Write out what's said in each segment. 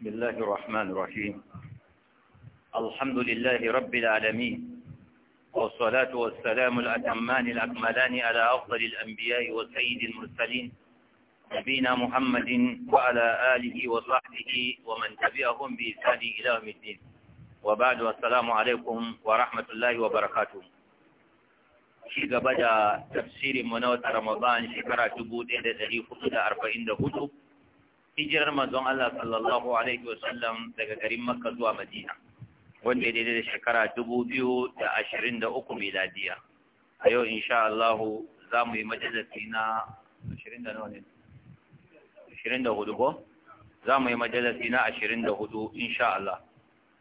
بسم الله الرحمن الرحيم الحمد لله رب العالمين والصلاة والسلام الأتمان الأكملان على أفضل الأنبياء وسيد المرسلين نبينا محمد وعلى آله وصحبه ومن تبعهم بإسان إلى يوم الدين وبعد والسلام عليكم ورحمة الله وبركاته في shi gaba da tafsirin mu na إلى ذلك shekara 1444 hijirar don Allah sallallahu alaihi wasallam daga garin Makka zuwa Madina wanda ya daidai da shekara dubu biyu da da uku miladiya a yau insha Allah za mu yi majalisi na ashirin da ne ashirin da hudu ko za mu yi majalisi na ashirin da hudu insha Allah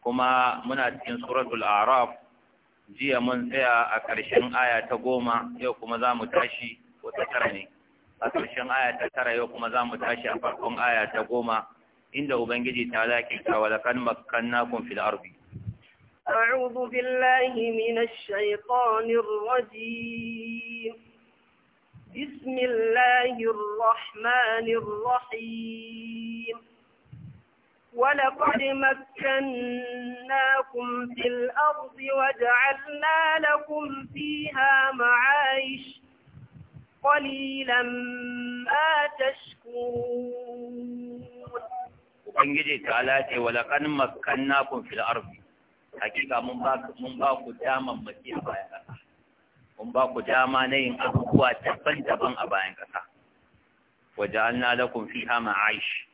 kuma muna cikin suratul araf jiya mun tsaya a ƙarshen aya ta goma yau kuma za mu tashi wata tara ne a ƙarshen aya ta tara yau kuma za mu tashi a farkon aya ta goma inda ubangiji ta laki ta walakan makkannakum fil ardi أعوذ بالله من الشيطان الرجيم بسم الله الرحمن الرحيم ولقد مكناكم في الأرض وجعلنا لكم فيها معايش قليلا ما تشكرون Ubangiji ta lace wa laƙan makannakun fil arzi, hakika mun ba ku daman maki a bayan ƙasa, mun ba ku dama na yin abubuwa daban-daban a bayan ƙasa. Wajen an na lakun fi hama aishi,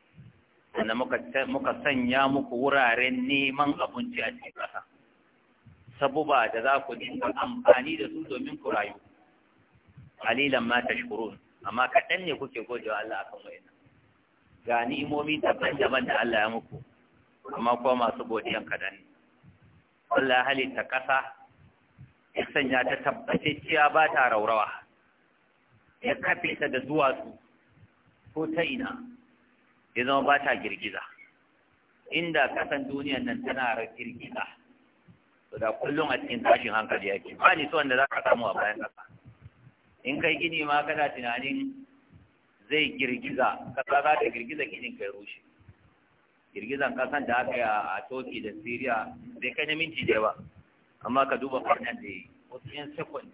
wanda muka sanya muku wuraren neman abinci a cikin ƙasa, sabuba da za ku dinga amfani da su domin ku rayu. qalilan ma tashkurun amma kaɗan ne kuke godewa Allah akan wayannan ga ni'imomi daban-daban da Allah ya muku amma kuma masu godiyan ne Allah ya ta ƙasa ya sanya ta tabbatacciya ba ta raurawa ya kafe ta da duwatsu ko ta ina ya zama ba ta girgiza inda kasan duniyan nan tana girgiza da kullum a cikin tashin hankali yake ba ni so wanda za ka samu a bayan kasa in kai gini ma kana tunanin zai girgiza kasa za ta girgiza ginin kai rushe girgizan kasan da aka yi a toki da syria bai kai na minti da ba amma ka duba farnan da yi wasu yan sekund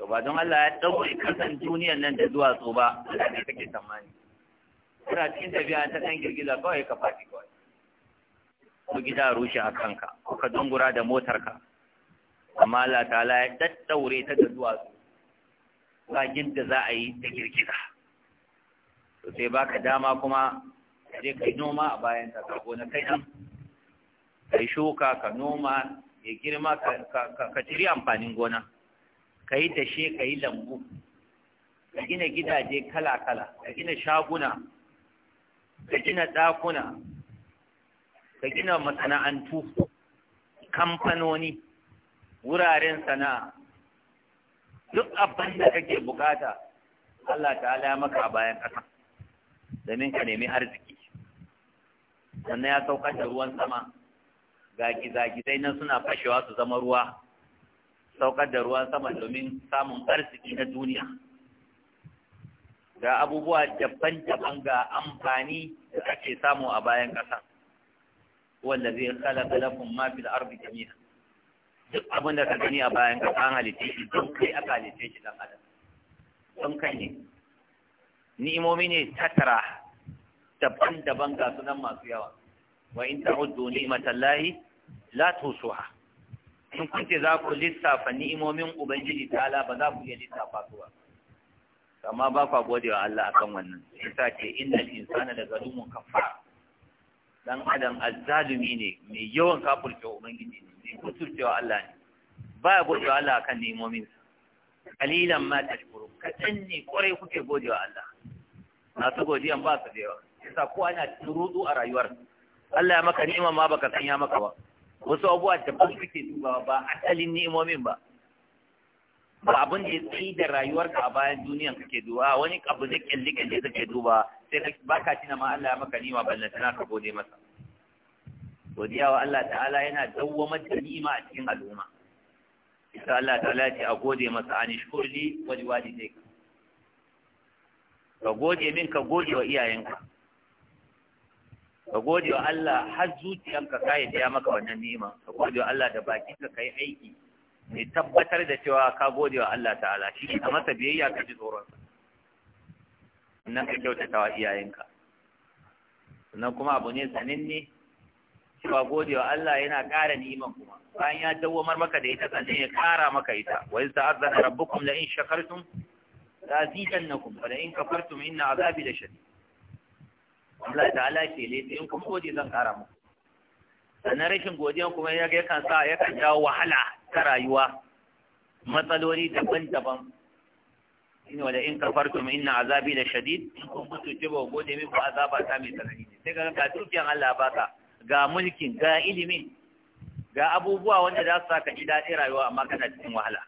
to ba don allah ya ɗaure kasan duniyan nan da duwatsu ba da ne take tsammani kuna cikin tafiya ta ɗan girgiza kawai ka fati kawai ko gida rushe a kanka ko ka dungura da motarka amma allah ta ya daddaure ta da duwatsu tsagin da za a yi da girgiza to sai baka dama kuma je kai noma a bayan ta ka gona kai nan kai shuka ka noma ya girma ka ciri amfanin gona ka yi tashe ka yi lambu ka gina gidaje kala-kala ka gina shaguna ka gina ɗakuna ka gina masana'antu kamfanoni wuraren sana'a duk abin da kake bukata Allah ta'ala ya maka a bayan ƙasa domin ka nemi arziki sannan ya saukar da ruwan sama ga gizagizai nan suna fashewa su zama ruwa saukar da ruwan sama domin samun arziki na duniya ga abubuwa daban-daban ga amfani da ake samu a bayan ƙasa wanda zai kala kalafin mafi da arziki jami'a duk abin da ka gani a bayan ka an halitta shi don kai aka halitta shi dan adam don kai ne ni'imomi ne tattara daban-daban ga sunan masu yawa wa in ta'uddu ni'matallahi la tusuha in kunce za ku lissafa ni'imomin ubangiji ala ba za ku iya lissafa su ba amma ba ku gode wa Allah akan wannan sai ta ce innal insana la zalumun kafara. dan adam azzalimi ne mai yawan kafurce ubangiji ne mai kusurcewa Allah ne ba ya godewa Allah kan nemomin sa kalilan ma tashkuru Kaɗan ne kwarai kuke godewa Allah masu godiyan ba su da yawa yasa kowa yana cikin rudu a rayuwar Allah ya maka ni'ima ma baka san ya maka ba wasu abubuwa da ba ke duba ba asalin ni'imomin ba ba abin da ya tsaye da rayuwarka a bayan duniyan kake duba wani abu zai kyalli kyalli kake duba sai ba ka tina ma Allah ya maka ni'ima tana ka gode masa godiya wa Allah ta'ala yana dawwamar da ni'ima a cikin al'umma isa Allah ta'ala ya ce a gode masa ani shkurli wa liwalidayk ka gode min ka gode wa iyayenka ka gode wa Allah har zuciyanka ka yi ya maka wannan ni'ima ka gode wa Allah da bakinka ka yi aiki mai tabbatar da cewa ka gode wa Allah ta'ala shi a masa biyayya ka ji tsoronsa sannan ka kyautata wa iyayenka sannan kuma abu ne sananne cewa gode wa Allah yana ƙara niman kuma bayan ya dawwamar maka da ita sannan ya ƙara maka ita wa idza azana rabbukum la in shakartum la azidannakum wa la in kafartum inna azabi da shadid Allah ta'ala ce ne in kuma gode zan ƙara muku sannan rashin godiyan kuma ya kan sa ya kan jawo wahala ta rayuwa matsaloli daban-daban shine wala in kafartum inna azabi la shadid in kun mutu jibo gode min ba azaba ta mai tsanani ne sai ga ka dukiyan Allah baka ga mulkin ga ilimi ga abubuwa wanda za su saka ji daɗin rayuwa amma kana cikin wahala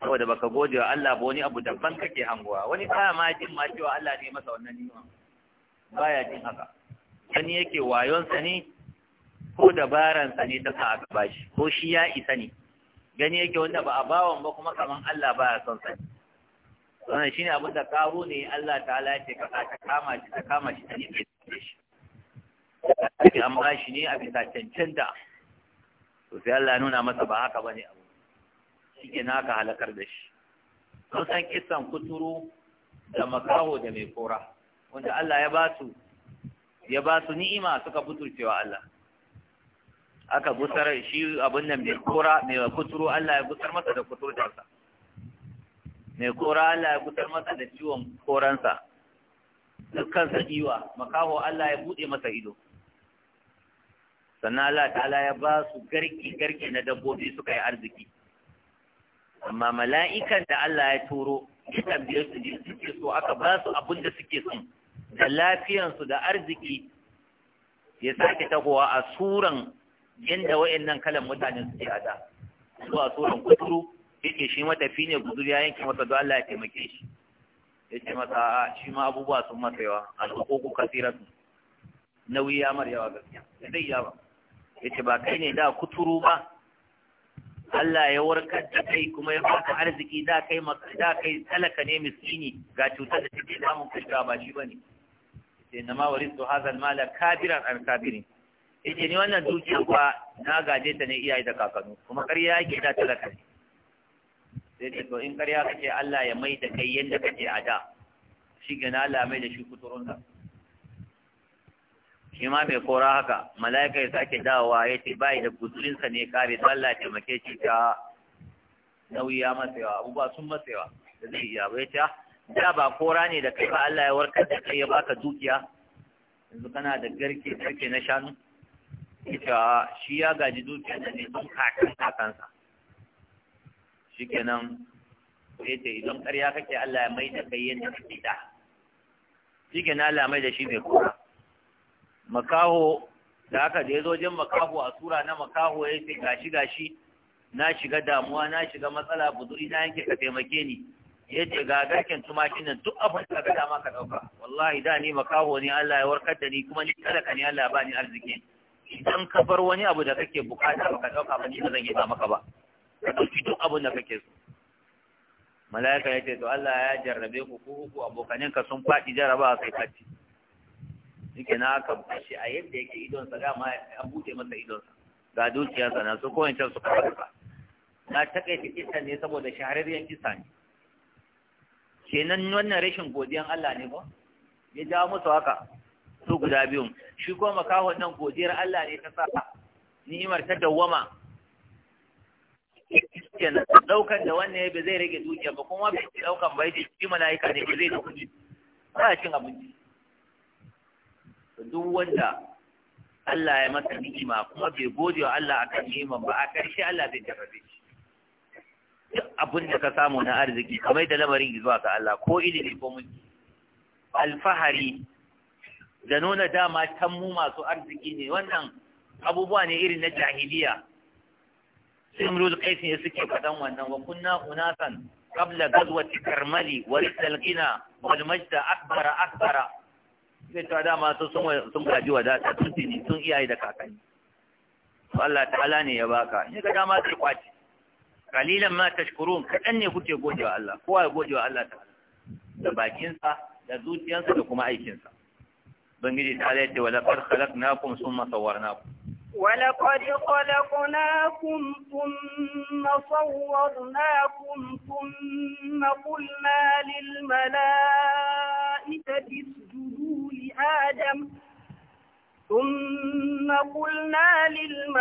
saboda baka gode wa Allah ba wani abu daban kake hangowa wani kaya ma jin ma cewa Allah ne masa wannan ni'ima baya jin haka sani yake wayonsa ne ko dabaransa ne ta sa aka bashi ko shi ya isa ne gani yake wanda ba a bawan ba kuma kaman Allah baya son sani wannan shine abin da karo ne Allah ta'ala ya ce ka ta kama shi ta kama shi ta tsaye shi ake an ba shi ne a bisa cancanta to sai Allah nuna masa ba haka ba ne abu shi ke naka halakar da shi sun san kisan kuturu da makaho da mai kora wanda Allah ya ba su ya ba su ni'ima suka buturcewa Allah aka gusar shi abin nan mai kora mai kuturu Allah ya gusar masa da kuturtarsa mai kora Allah ya gutar masa da ciwon koransa dukkansa iwa makaho Allah ya buɗe masa ido sannan Allah ta'ala ya ba su garki garki na dabbobi suka yi arziki amma mala'ikan da Allah ya turo ya tambaye su ne suke so aka ba su abin da suke so da lafiyansu da arziki ya sake tagowa a suran yadda wa'annan kalan mutane suke a da zuwa suran kuturu yake shi matafi ne guzuri ya yanke masa don Allah ya taimake shi ya ce masa a shi ma abubuwa sun masa yawa alhukuku kasiratu nauyi ya mar yawa gaskiya ya zai yawa ya ce ba kai ne da kuturu ba Allah ya warkar da kai kuma ya baka arziki da kai da kai talaka ne miskini ga cutar da take mun kai ba shi bane sai na ma warisu hadha mala kabiran an kabirin yace ni wannan dukiya ba na gaje ta ne iyaye da kakanni kuma ƙarya yake da talaka ne sai ta in ƙarya ce Allah ya mai da kai yadda kake a da shi gina Allah mai da shi kuturunsa shi ma mai kora haka mala'ika ya sake dawowa ya ce bai da kuturinsa ne kare to Allah ya taimake shi ta nauyi ya matsewa abubuwa sun matsewa da zai iya ba ya ce ah, da ba kora ne da kai ba Allah ya warkar da kai ya baka dukiya yanzu kana da garke na shanu ita ah, shi ya gaji dukiya da ne sun kakan kakansa shikenan sai ce idan ƙarya kake Allah ya mai da kai yadda kake da shikenan Allah mai da shi mai kura makaho da haka da ya zo jin makaho a sura na makaho ya ce gashi gashi na shiga damuwa na shiga matsala buduri na yanke ka taimake ni ya ce ga garken tumaki nan duk abin da ka dama ka ɗauka wallahi da ni makaho ne Allah ya warkar da ni kuma ni ka ni Allah ya bani arziki idan ka bar wani abu da kake bukata ba ka ɗauka ba ni ba zan yi ba maka ba ka ɗauki duk abin da kake so mala'ika ya ce to Allah ya jarrabe ku ku uku abokanin ka sun faɗi jarraba sai kacci yake na aka bashi a yadda yake idonsa ma a buɗe masa idonsa ga dukiyarsa na su kowace su karɓa na takaita kisa ne saboda shahararriyar kisa ne kenan wannan rashin godiyan Allah ne ba ya jawo musu haka su guda biyun shi kuma makahon nan godiyar Allah ne ta sa ni'imar ta dawwama kenan daukan da wannan ya zai rage dukiya ba kuma bai daukan bai ce shi malaika ne ba zai da kudi ba cin abinci duk wanda Allah ya masa ni'ima kuma bai gode wa Allah akan ni'iman ba a ƙarshe Allah zai jarrabe shi duk abin da ka samu na arziki kamar da lamarin zuwa ga Allah ko ilimi ko mulki alfahari da nuna dama tammu masu arziki ne wannan abubuwa ne irin na jahiliya sai imrul qais ne suke fadan wannan wa kunna unasan qabla ghazwati karmali wa risal gina wal majda akbara akbara sai ta dama ma sun sun gaji da sun tini sun iyaye da kakanni to Allah ta'ala ne ya baka ne ka dama ta kwaci qalilan ma tashkurun kadan ne kuke godewa Allah kowa ya godewa Allah ta'ala da bakinsa da zuciyarsa da kuma aikinsa bangiji ta halatta wa laqad khalaqnakum thumma sawwarnakum ولقد خلقناكم ثم صورناكم ثم قلنا للملائكة اسجدوا لآدم ثم قلنا للملائكة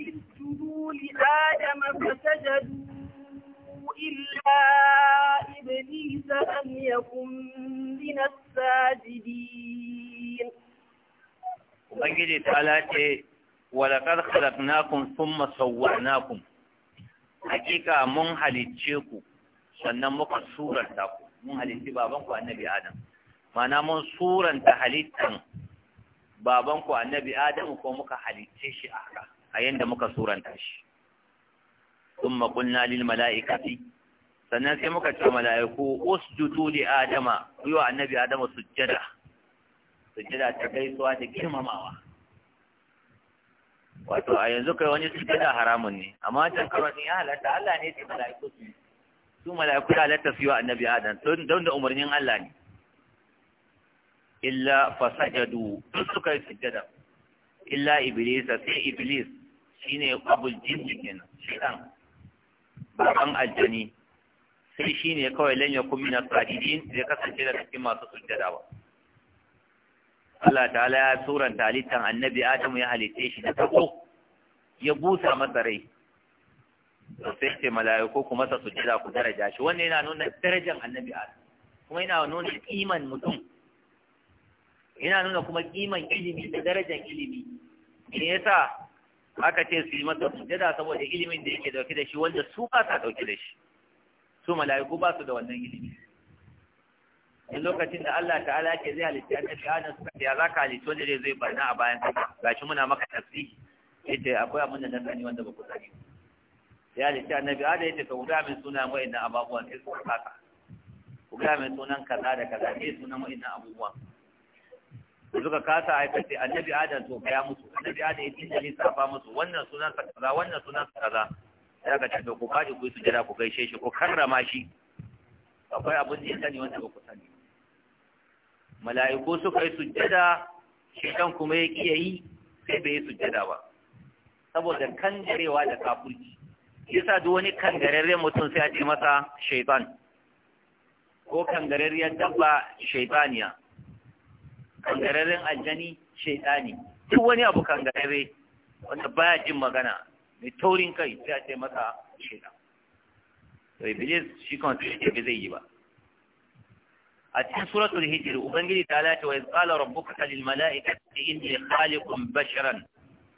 اسجدوا لآدم فسجدوا إلا إبليس أن يكن من الساجدين ubangiji ta lace walakar khalaqnakum thumma sawwarnakum hakika mun halicce ku sannan muka suranta ku mun halicci baban ku annabi adam mana mun suranta halittan baban ku annabi adam ko muka halicce shi a haka a yanda muka suranta shi thumma qulna lil mala'ikati sannan sai muka ce mala'iku usjudu li adama ku annabi adam sujjada sujada ta gaisuwa da girmamawa wato a yanzu kai wani sujada haramun ne amma ta karon ya halatta Allah ne ta mala'iku su mala'iku da halatta su yi wa annabi adam don da umarnin Allah ne illa fasajadu duk suka yi sujada illa iblis sai iblis shine abul jikin. kenan shaitan baban aljani sai shine kawai lanyar yakun min da sajidin zai kasance da cikin masu sujjada ba Allah ta'ala ya tsoron talittan annabi Adamu ya halitta shi da tako ya busa masa rai da sai ce mala'iku kuma sa su jira ku daraja shi wannan yana nuna darajar annabi Adamu kuma yana nuna kiman mutum yana nuna kuma kiman ilimi da darajar ilimi me yasa aka ce su yi masa sujjada saboda ilimin da yake dauke da shi wanda su ba sa dauke da shi su mala'iku ba su da wannan ilimi in lokacin da Allah ta'ala ke zai halitta annabi Adam suka ya za ka halittu wanda zai barna a bayan kasa gashi muna maka tafsiri yace akwai abin da na sani wanda ba ku sani ya halitta annabi Adam yace ka guda min sunan wa'annan ababuwan sai suka saka ku ga min sunan kaza da kaza sai sunan wa'annan abubuwan suka kasa aikace annabi Adam to ya musu annabi Adam ya tinda ne safa musu wannan sunan sa kaza wannan sunan sa kaza Ya ga ce ku kaji ku yi sujada ku gaishe shi ku karrama shi akwai abin da ya sani wanda ba ku sani mala'iku suka yi sujjada shaitan kuma ya ƙi yi sai bai yi sujjada ba saboda kangarewa da kafurci yasa duk wani kangararre mutum sai a ce masa shaitan ko kangararriyar dabba shaitaniya kangararren aljani shaitani duk wani abu kangararre wanda baya jin magana mai taurin kai sai a ce masa shaitan to iblis shi kan shi ke zai yi ba a cikin suratul hijr ubangiji ta lati wa qala rabbuka lil mala'ikati inni khaliqun basharan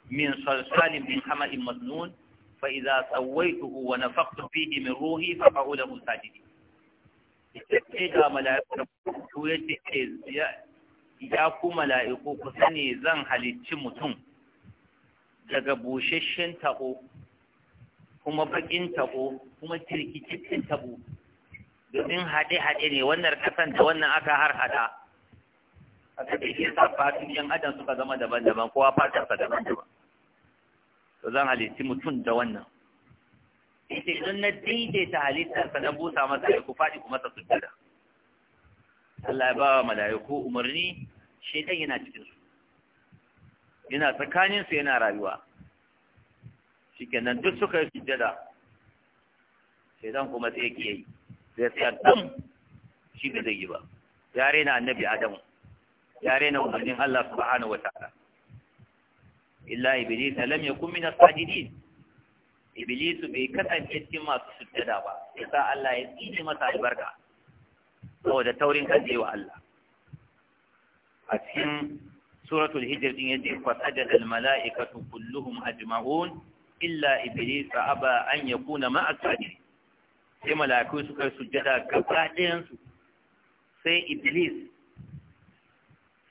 min salsalin min hamalin masnun fa idza sawaituhu wa nafaqtu fihi min ruhi fa qa'u lahu sajidin sai ga mala'iku yace ya ku mala'iku ku sani zan halicci mutum daga busheshen taɓo kuma baƙin taɓo kuma kirkicin taɓo domin haɗe-haɗe ne wannan ƙasan da wannan aka har haɗa aka ce ke sa fatun yan adam suka zama daban-daban kowa fatarsa daban-daban to zan halitti mutum da wannan ita idan na daidaita halittarsa na busa masa ya ku faɗi kuma masa sujjada Allah ya ba wa mala'iku umarni shaitan yana cikin su yana tsakanin su yana rayuwa shikenan duk suka yi sujjada shaitan kuma sai yake yi zai tsaya dam shi da zai yi ba Yare na annabi adamu Yare na umarnin Allah subhanahu wataala illa iblis lam yakun min as-sajidin iblis bai kasance cikin masu sujjada ba yasa Allah ya tsine masa albarka saboda taurin kan wa Allah a cikin suratul hijr din yace fasajada al-mala'ikatu kulluhum ajma'un illa iblis aba an yakuna ma'a as-sajidin sai mala'iku suka yi sujjada gaba ɗayansu sai iblis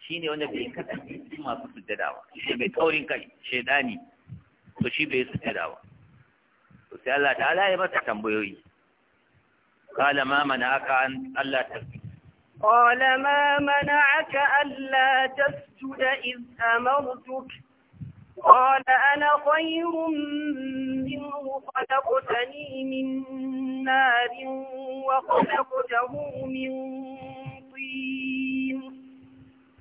shi ne wanda bai kasance cikin masu sujjada ba shi mai taurin kai shaidani to shi bai sujjada ba to sai Allah ta'ala ya masa tambayoyi kala ma aka an Allah ta qala ma mana'aka alla tasjuda iz amartuk قال أنا خير منه خلقتني من نار وخلقته من طين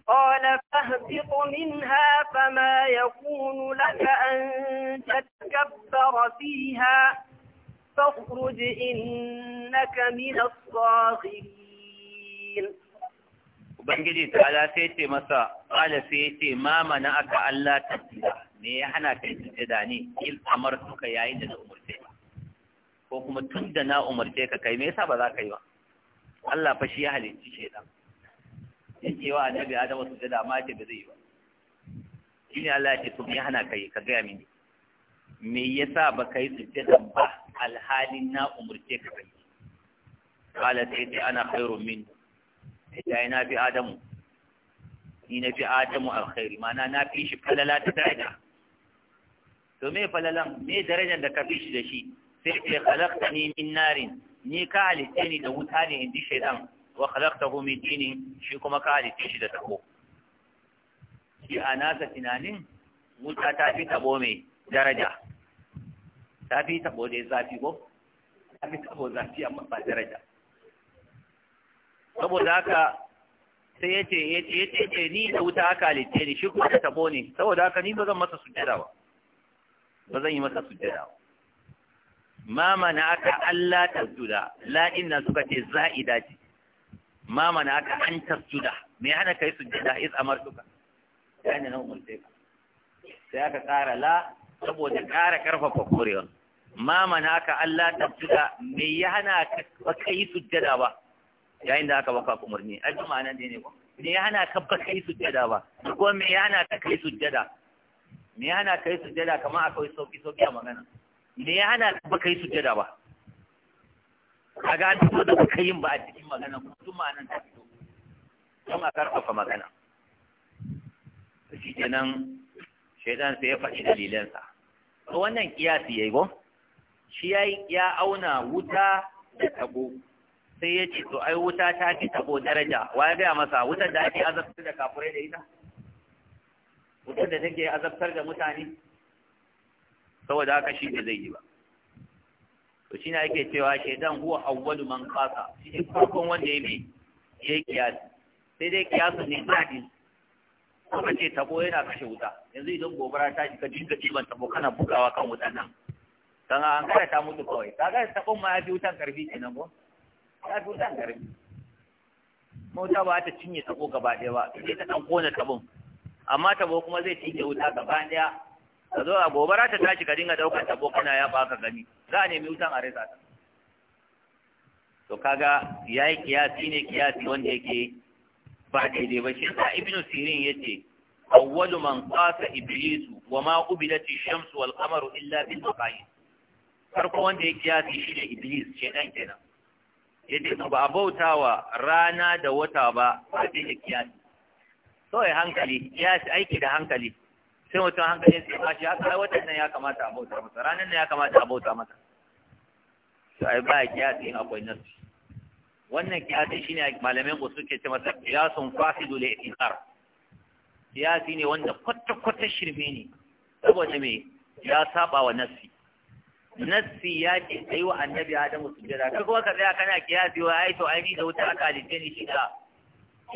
قال فاهبط منها فما يكون لك أن تتكبر فيها فاخرج إنك من الصاغرين Ubangiji ta'ala sai ce masa, ƙala sai ce, ma mana aka Allah ta tsira, me ya hana kai su ne, il amar suka yayin da na umurce ba. ko kuma tun da na umarce ka kai me yasa ba za ka yi ba Allah fa shi ya halicci ya ce wa annabi Adamu sujada ma ce ba zai yi ba ne Allah ya ce ku me hana kai ka ga mini me yasa ba kai su sujada ba alhalin na umarce ka kai kala sai ce ana khairu min ya ina fi Adamu ni na fi Adamu alkhairi mana na fi shi falala ta daraja to me falalan me darajar da ka fi shi da shi sai ce halakta ni min narin ni ka halitta ni da wuta ne in ji shaidan wa halakta hu min dinin shi kuma ka halitta shi da tako shi a nasa tunanin wuta ta fi tabo mai daraja ta fi tabo da zafi ko ta fi tabo zafi amma ba daraja saboda haka sai ya ce ya ce ni da wuta aka halitta ni shi kuma ta tabo ne saboda haka ni ba zan masa sujjada ba ba zan yi masa sujjada ba ma aka Allah tasjuda la inna suka ce za'ida ce ma aka an tasjuda me hana kai sujjada is amartuka yana nan umurce sai sai aka ƙara la saboda ƙara ƙarfafa korewa ma aka Allah tasjuda me ya hana ka kai jida ba yayin da aka baka umarni a juma nan ne ko me ya hana ka kai su jida ba ko me ya hana ka kai jida me ya hana kai jida kamar akwai sauki sauki a magana me ya hana ba kai jada ba a ga duk fito da kai yin ba a cikin magana kuma tun ma'anan ta fito don a karfafa magana shi kenan shaidan sai ya faɗi dalilansa to wannan kiyasi yayi ba? shi ya auna wuta da tabo sai ya ce to ai wuta ta fi tabo daraja wa ya gaya masa wutar da ake azabtar da kafurai da ita wutar da take azabtar da mutane saboda haka shi ne zai yi ba to shi ne ake cewa shaidan huwa awwalu man qasa shi farkon wanda ya bi ya kiyasi sai dai kiyasin ne dadi kuma ce tabo yana kashe wuta yanzu idan gobara ta shiga dinga ciban tabo kana bugawa kan wutan nan dan an kada ta mutu kawai kaga tabon ma ya fi wutan karfi kenan ko ya fi wutan karfi mota ba ta cinye tabo gaba ɗaya ba sai ta dan kona tabon amma tabo kuma zai cinye wuta gaba ɗaya ka zo a gobara ta tashi ka dinga daukar tabo kana ya baka gani za a nemi wutan a rasa ta to kaga ya yi kiyasi ne kiyasi wanda yake ba daidai ba shi sa ibnu sirin ya ce awwalu man qasa iblis wa ma ubilati shamsu wal qamaru illa bil maqayis farko wanda ya kiyasi shi ne iblis shedan kenan yadda ba a bautawa rana da wata ba a cikin kiyasi ai hankali kiyasi aiki da hankali sai mutum hankalin sai ba shi haka ai watan nan ya kamata a bauta masa ranar nan ya kamata a bauta masa to ai ba kiyasi in akwai nan wannan kiyasi shine malamai ko suke ce masa kiyasun fasidu li ikrar kiyasi ne wanda kwata kwata shirme ne saboda me ya saba wa nasi nassi ya ce kai wa annabi adamu su kai kuma ka tsaya kana kiyasi wa ai to ai ni da wuta aka halitte ni shi da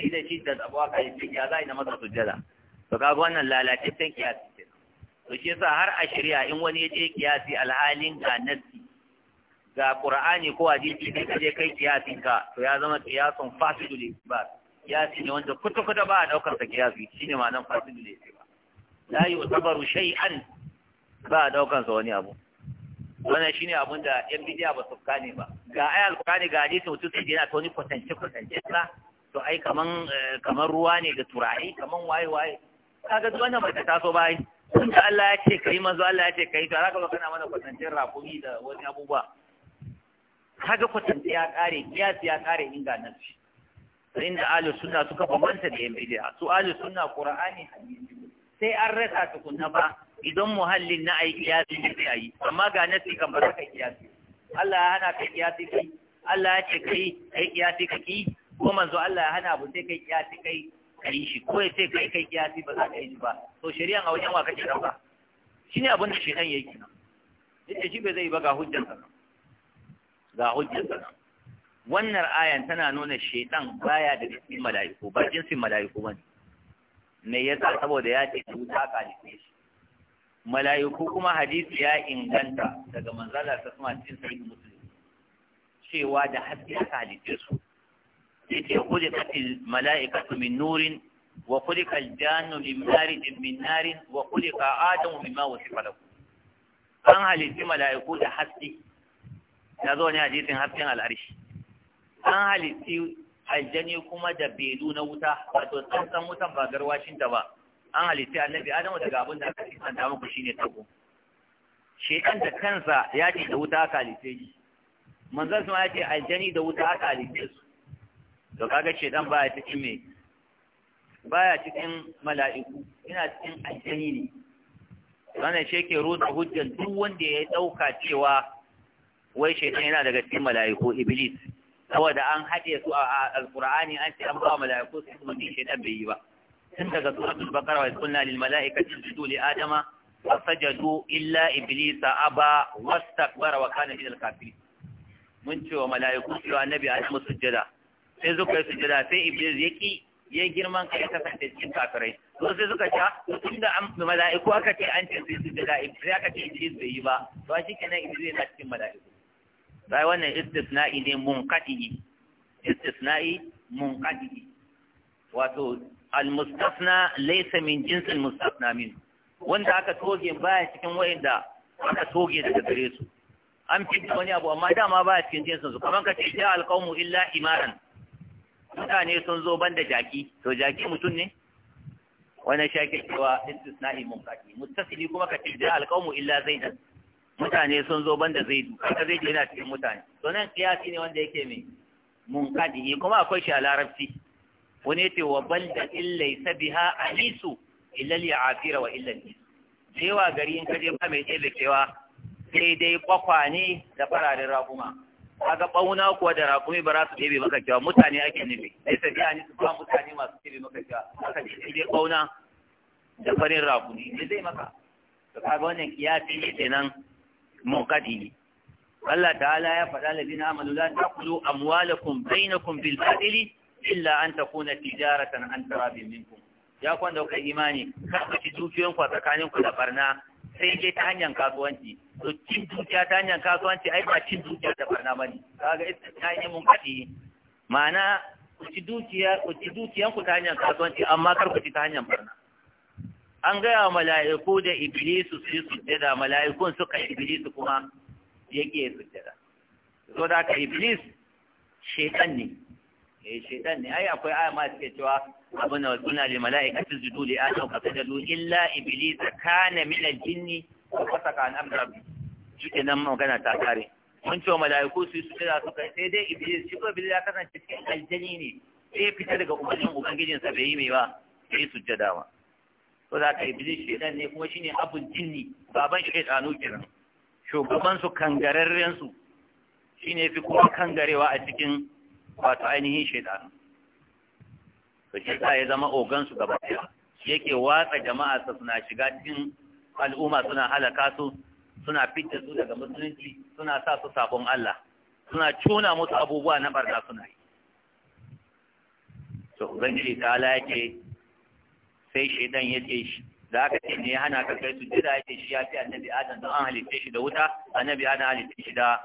shi da shi da abuwa ka halitte ya za ina masa sujjada to kaga wannan ta kiyasi ce to shi yasa har a shari'a in wani ya je kiyasi alhalin ga nasi, ga qur'ani ko hadisi ne kaje kai kiyasin ka to ya zama kiyasun fasidul isbat kiyasi ne wanda kuta kuta ba a daukar sa kiyasi shine ma'anar fasidul isbat la yu'tabaru shay'an ba a daukar sa wani abu wannan shine abun da yan bidiya ba su kane ba ga ayat alqur'ani ga hadisi mutum sai yana ta wani kwatance kwatance to ai kaman eh, kaman ruwa ne da turai kaman waye waye kaga duk wannan bata taso bai da Allah ya ce kai manzo Allah ya ce kai to zaka zo kana mana kwatancin rakumi da wani abubuwa kaga kwatance ya kare kiyas ya kare inganin shi inda ahlu sunna suka bambanta da yan bid'a su ahlu sunna qur'ani hadisi sai an rasa tukunna ba idan muhallin na ayi kiyasi ne sai ayi amma ga nasi kan ba ka kiyasi Allah ya hana kai kiyasi kai Allah ya ce kai kai kiyasi kaki ko manzo Allah ya hana abu sai kai kiyasi kai ka yi shi ko ya ce kai kai kiyasi ba za ka yi ba to shari'an a wajen wa kake ɗauka shi ne abin da shaitan ya yi kenan yadda shi bai zai ba ga ka ga ka wannan ayan tana nuna shaitan baya da cikin mala'iku ba jinsin mala'iku ba ne ya yasa saboda ya ce su ta kalife shi mala'iku kuma hadisi ya inganta daga manzala ta suma cikin sahihi muslim cewa da haske ka halice su yace khuliqatil mala'ikatu min nurin wa khuliqal jannu min marijin min narin wa ka adamu mimma wasifa lahu an halitti mala'iku da haske Na zo ne hadisin hasken al'arshi an halitti aljani kuma da belu na wuta wato tsantsan wutan ba garwashin ta ba an halitti annabi adamu daga abin da aka santa muku shine tabo shekan da kansa ya ce da wuta aka halitte shi manzon sun ya ce aljani da wuta aka halitte su to kaga dan baya cikin me baya cikin mala'iku Ina cikin aljani ne wannan shi ke rusa hujjan duk wanda ya dauka cewa wai shedan yana daga cikin mala'iku iblis saboda an haɗe su a alqur'ani an ce an ba mala'iku su kuma ne shedan bai yi ba tun daga suratul baqara wa qulna lil mala'ikati isjudu li adama fasajadu illa iblisa aba wastakbara wa kana minal kafirin mun ce wa mala'iku cewa annabi a yi sujjada sai suka yi sujada sai iblis ya ki ya girman kai kasance cikin kafirai to sai suka ce tun da an mala'iku aka ce an ce sai sujada iblis aka ce iblis bai yi ba to shi kenan iblis yana cikin mala'iku sai wannan istisna'i ne munqati istisna'i munqati wato al-mustasna laysa min jins al-mustasna min wanda aka toge baya cikin wayanda aka toge daga gare su an fi wani abu amma dama baya cikin jinsin su kamar ka ce ya al illa imaran mutane sun zo ban da jaki to jaki mutum ne wannan shaki cewa istisna'i munkati Mutasili kuma ka ce da alqaumu illa zaidan mutane sun zo ban da zaidu kaga zaidu yana cikin mutane to nan qiyasi ne wanda yake mai munkati kuma akwai shi a larabci wani yace wa balda illa biha alisu illa afira wa illa lis cewa gari in kaje ba mai cewa sai dai kwakwane da fararen raguma kaga bauna kuwa da rakumi ba za su ɗebe maka kyau, mutane ake nufi sai tafiya ne su ba mutane masu ɗebe maka kyau. aka ce sai dai bauna da farin rakumi ne zai maka to kaga wannan kiyafi ne kenan muqati ne Allah ta'ala ya faɗa ladina amalu la taqulu amwalakum bainakum bil batili illa an takuna tijaratan an tarabin minkum ya kwanda kuka imani kafa ku ci dukiyanku a tsakaninku da barna sai dai ta hanyar kasuwanci to cin dukiya ta hanyar kasuwanci ai ba cin dukiya da barna bane kaga ita ne mun kadi ma'ana ku ci dukiya ku ci dukiyan ku ta hanyar kasuwanci amma kar ku ci ta hanyar barna an gaya wa mala'iku da iblisu su yi sujjada mala'ikun suka iblisu kuma yake sujjada so da ka iblis shaitan ne eh shaitan ne ai akwai aya ma suke cewa abuna wa kunna lil malaika tasjudu li adam fa sajadu illa iblis kana min al jinni fa fasaka an amra bi shike nan magana ta kare mun ce malaiku su su da su kai sai dai iblis shi ko iblis ya kasance cikin aljani ne sai fita daga umarnin ubangijin sa bai yi mai ba sai jada ma to za ka iblis shaitan ne kuma shine abun jinni baban shaitanu kiran shugaban su kangararren su shine fi kuma kangarewa a cikin ba ta ainihin shaidan to shi sa ya zama ogansu gaba ɗaya yake watsa jama'a sa suna shiga cikin al'umma suna halaka su suna fitta su daga musulunci suna sa su sabon Allah suna cuna musu abubuwa na barka suna yi to ubangiji ta ala yake sai shaidan yake shi da aka ce ne hana ka kai su jira yake shi ya fi annabi adam don an halitta shi da wuta annabi adam halitta shi da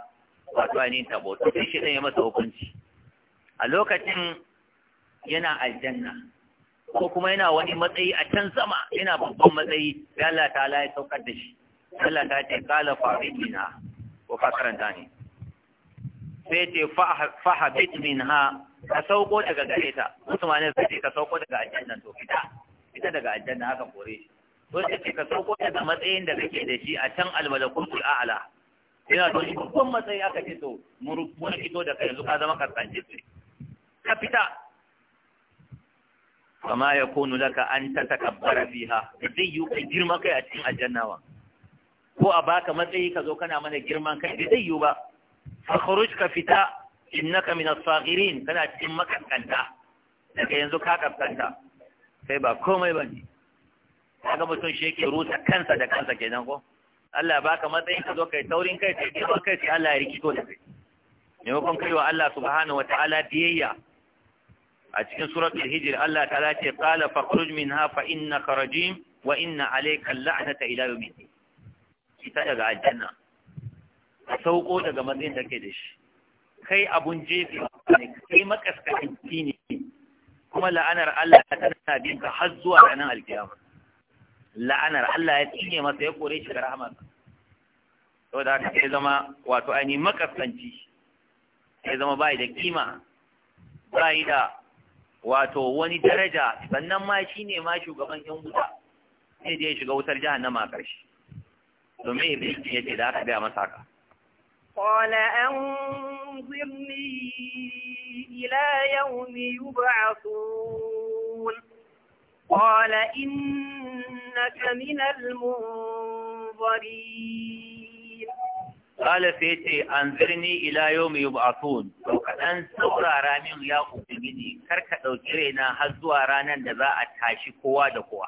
wato ainihin tabo to sai shaidan ya masa hukunci a lokacin yana aljanna ko kuma yana wani matsayi a can sama yana babban matsayi ya Allah ta ya saukar da shi Allah ta ce kala fa'idina ko ka karanta ne sai ce fahabit minha ka sauko daga gare ta Usman sai ce ka sauko daga aljanna to fita fita daga aljanna aka kore shi to sai ce ka sauko daga matsayin da kake da shi a can almalakutul a'la yana to babban matsayi aka ce to mun fito da kai yanzu ka zama kasance fita kama ya kunu laka an ta takabbara fiha zai yi ka girma kai a cikin aljannawa ko a baka matsayi ka zo kana mana girman kai da zai yi ba khuruj ka fita innaka min as-saghirin kana cikin makaskanta daga yanzu ka kaskanta sai ba komai bane kaga mutum shi yake rusa kansa da kansa kenan ko Allah ya baka matsayin ka zo kai taurin kai sai kai kai sai Allah ya rikito da kai ne ko kai wa Allah subhanahu wataala biyayya a cikin suratul hijr Allah ta ta'ala ce qala fakhruj minha fa innaka rajim wa inna alayka la'nata ila yawmin ita daga aljanna a sauko daga matsayin da ke da shi kai abun jefi ne kai makaskaranci ne kuma la'anar Allah tana bin ka har zuwa ranar alkiyama la'anar Allah ya tsine masa ya kore shi ga rahama saboda haka sai zama wato ainihin makaskanci sai zama bai da kima bai da wato wani daraja sannan ma ne ma shugaban yan wuta sai dai shiga wutar jahannama a ƙarshe domin ya ce da aka gaya masa haka قال أنظرني إلى يوم يبعثون قال إنك من المنظرين Kala sai ce, An zirni ila yau mai yub'atun, to kaɗan saurara min ya Ubangiji, kar ka ɗauki raina har zuwa ranar da za a tashi kowa da kowa.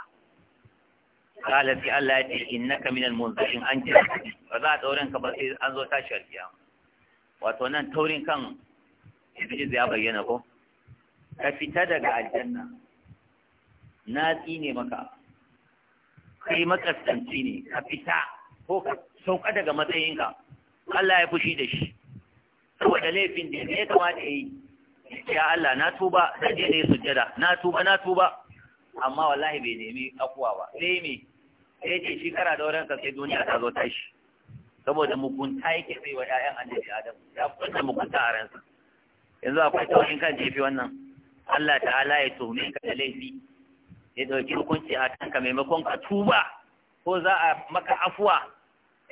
Kala sai Allah ya ce, Innaka minal munzirin an kira ba za a ɗaurin ka ba sai an zo tashi alkiyama. Wato nan taurin kan Iblis ya bayyana ko? Ka fita daga aljanna, na tsine maka, kai makaskanci ne, ka fita ko ka sauka daga matsayinka. Allah ya fushi da shi saboda laifin da ya kamata yi ya Allah na tuba zan je ne sujjada na tuba na tuba amma wallahi bai nemi akuwa ba sai me sai ce shi kara da wurin sai duniya ta zo tashi saboda mugunta yake bai wa ƴaƴan annabi Adam ya kunta mugunta a ransa yanzu akwai taurin kan jefi wannan Allah ta'ala ya tuhume ka da laifi ya dauki hukunci a kanka maimakon ka tuba ko za a maka afuwa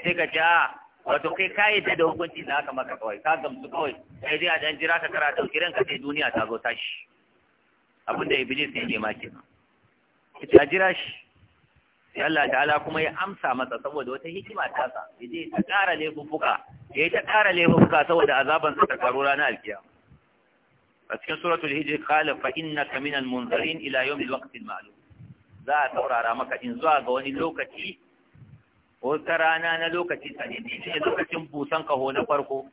sai ka ja wato kai ka yi da hukunci da aka maka kawai ka gamsu kawai sai dai a dan jira ka kara dauki ranka sai duniya ta zo tashi abinda iblis ya nema kenan ita jira shi sai Allah ta'ala kuma ya amsa masa saboda wata hikima ta sa yaje ta kara laifuffuka yayi ta kara laifuffuka saboda azaban sa ta karo ranar alkiyama a cikin suratul hijr qala fa innaka minal munzirin ila yawmil waqtil ma'lum za a taurara maka in zuwa ga wani lokaci wata rana na lokaci tsanani shi ne lokacin busan kaho na farko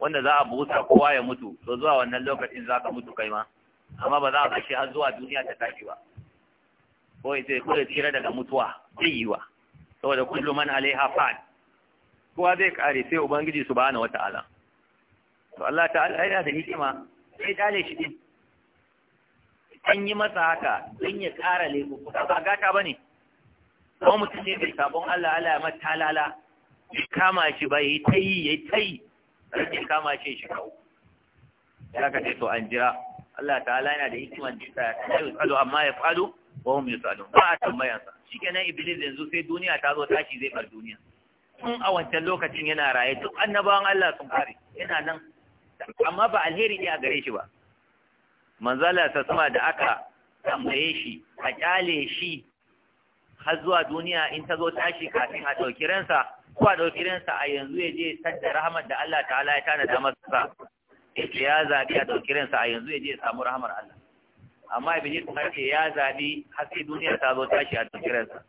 wanda za a busa kowa ya mutu to zuwa wannan lokacin za ka mutu kai ma amma ba za a kashe har zuwa duniya ta tashi ba ko ita ya kula tsira daga mutuwa zai yi wa saboda kullum man alaiha fa'al kowa zai kare sai ubangiji su wata ala. to Allah ta'ala ya da hikima sai dale shi din an yi masa haka don ya kara lebu ba gata ba ne. kuma mutum ne mai sabon Allah Allah ya mata lala ya kama shi ba ya ta yi ya ta yi rage kama shi shi kawo ya ka ce to an jira Allah ta'ala yana da hikiman jisa ya ta yi tsalo amma ya falo ba yi tsalo ba a tambayansa shikenan iblis yanzu sai duniya ta zo tashi zai bar duniya tun a wancan lokacin yana raye duk annabawan Allah sun kare yana nan amma ba alheri ne a gare shi ba manzala ta sama da aka tambaye shi a kyale shi har zuwa duniya in ta zo tashi kafin a ɗauki ransa ko a ɗauki ransa a yanzu ya je sadda rahamar da Allah ta'ala ya tana da masa yace ya zabi a ɗauki ransa a yanzu ya je samu rahamar Allah amma iblis ta ce ya zabi har sai duniya ta zo tashi a ɗauki ransa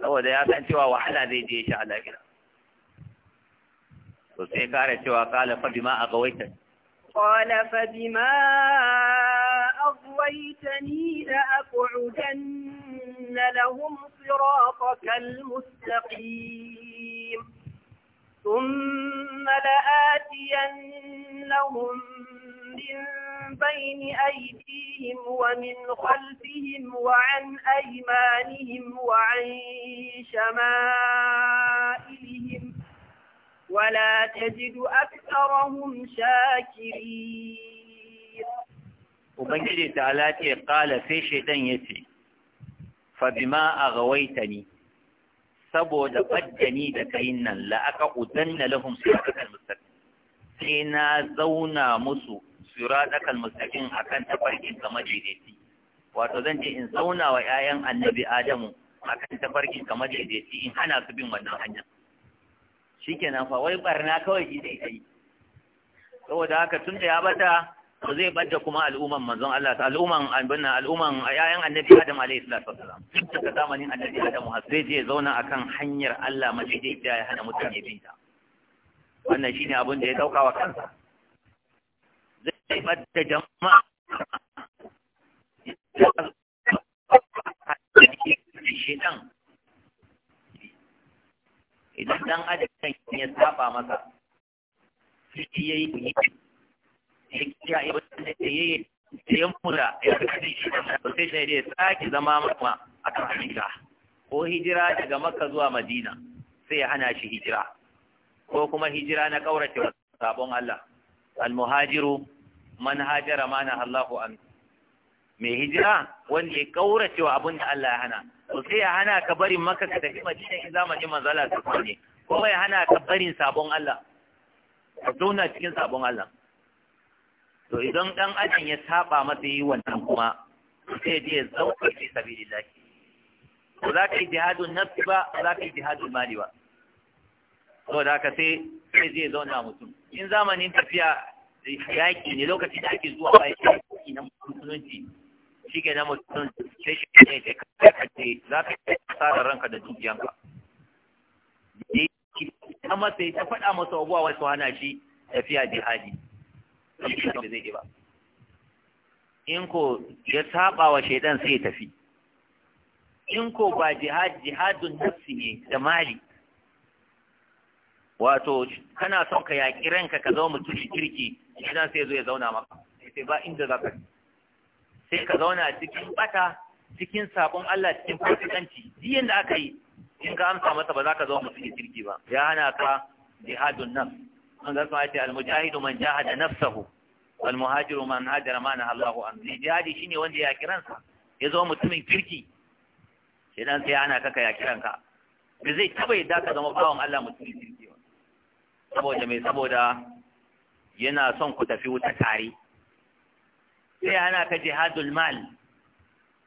saboda ya san cewa wahala zai je shi a lafiya to sai kare cewa kala fa bima aghawaitan قال فبما أغويتني لأقعدن لهم صراطك المستقيم ثم لآتينهم من بين أيديهم ومن خلفهم وعن أيمانهم وعن شمائلهم ولا تجد أكثرهم شاكرين وبنجي تعالى قال في شيطان يتي فبما أغويتني saboda دفجني da kayin nan لهم udanna المستقيم سينا زونا sai na zauna musu siratal akan tafarkin kamar wato zan ce in zauna wa 'ya'yan annabi adamu akan tafarkin kamar daidaiti in hana su bin wannan hanyar shikenan fa wai barna kawai shi zai yi saboda haka tun da ya bada ba zai bada kuma al'umman manzon Allah al'umman anbinna al'umman ayayan annabi Adam alaihi salatu wasalam daga zamanin annabi Adam har sai je zauna akan hanyar Allah madidi da ya hana mutane binta wannan shine abin da ya dauka wa kansa zai bada jama'a shi shedan idan dan adam ya saba masa shi yayi shi ya yi wanda ya yi ya mura ya kaji shi da sai sai ya saki zama a kan hijira ko hijira daga Makka zuwa Madina sai ya hana shi hijira ko kuma hijira na kaurace wa sabon Allah al-muhajiru man hajara mana na Allahu an mai hijira wanda ya kaurace wa abin da Allah ya hana to sai ya hana ka barin maka ka tafi madina in ji manzala ta kwane ko ya hana ka barin sabon Allah ka zauna cikin sabon Allah to idan dan adam ya saba masa yi wannan kuma sai je zauka fi sabilillah Ko za ka yi jihadun nafsi ba ba za ka yi jihadun mali ba da ka sai sai zai zauna mutum in zamanin tafiya yaki ne lokacin da ake zuwa ba kai na musulunci shi ke na mutum sai shi ne da ka kace za ka yi tsara ranka da dukiyanka amma sai ta faɗa masa abuwa su hana shi tafiya jihadi ba in ko ya saba wa shaidan sai ya tafi in ko ba jihad jihadun nafsi ne da mali wato kana son ka yaƙi ranka ka zama mutum kirki shaidan sai zo ya zauna maka sai ba inda za ka sai ka zauna cikin bata cikin sabon Allah cikin fasikanci diyan da aka yi in ka amsa masa ba za ka zama mutum kirki ba ya hana ka jihadun nan. an ga kuma ce almujahidu man jahada nafsahu wal muhajiru man hajara ma na Allahu an jihadi shine wanda ya kiransa ya zama mutumin kirki sai dan sai ana kaka ya kiranka ba zai taba yadda ka zama bawan Allah mutumin kirki ba saboda mai saboda yana son ku tafi wuta tare sai ana ka jihadul mal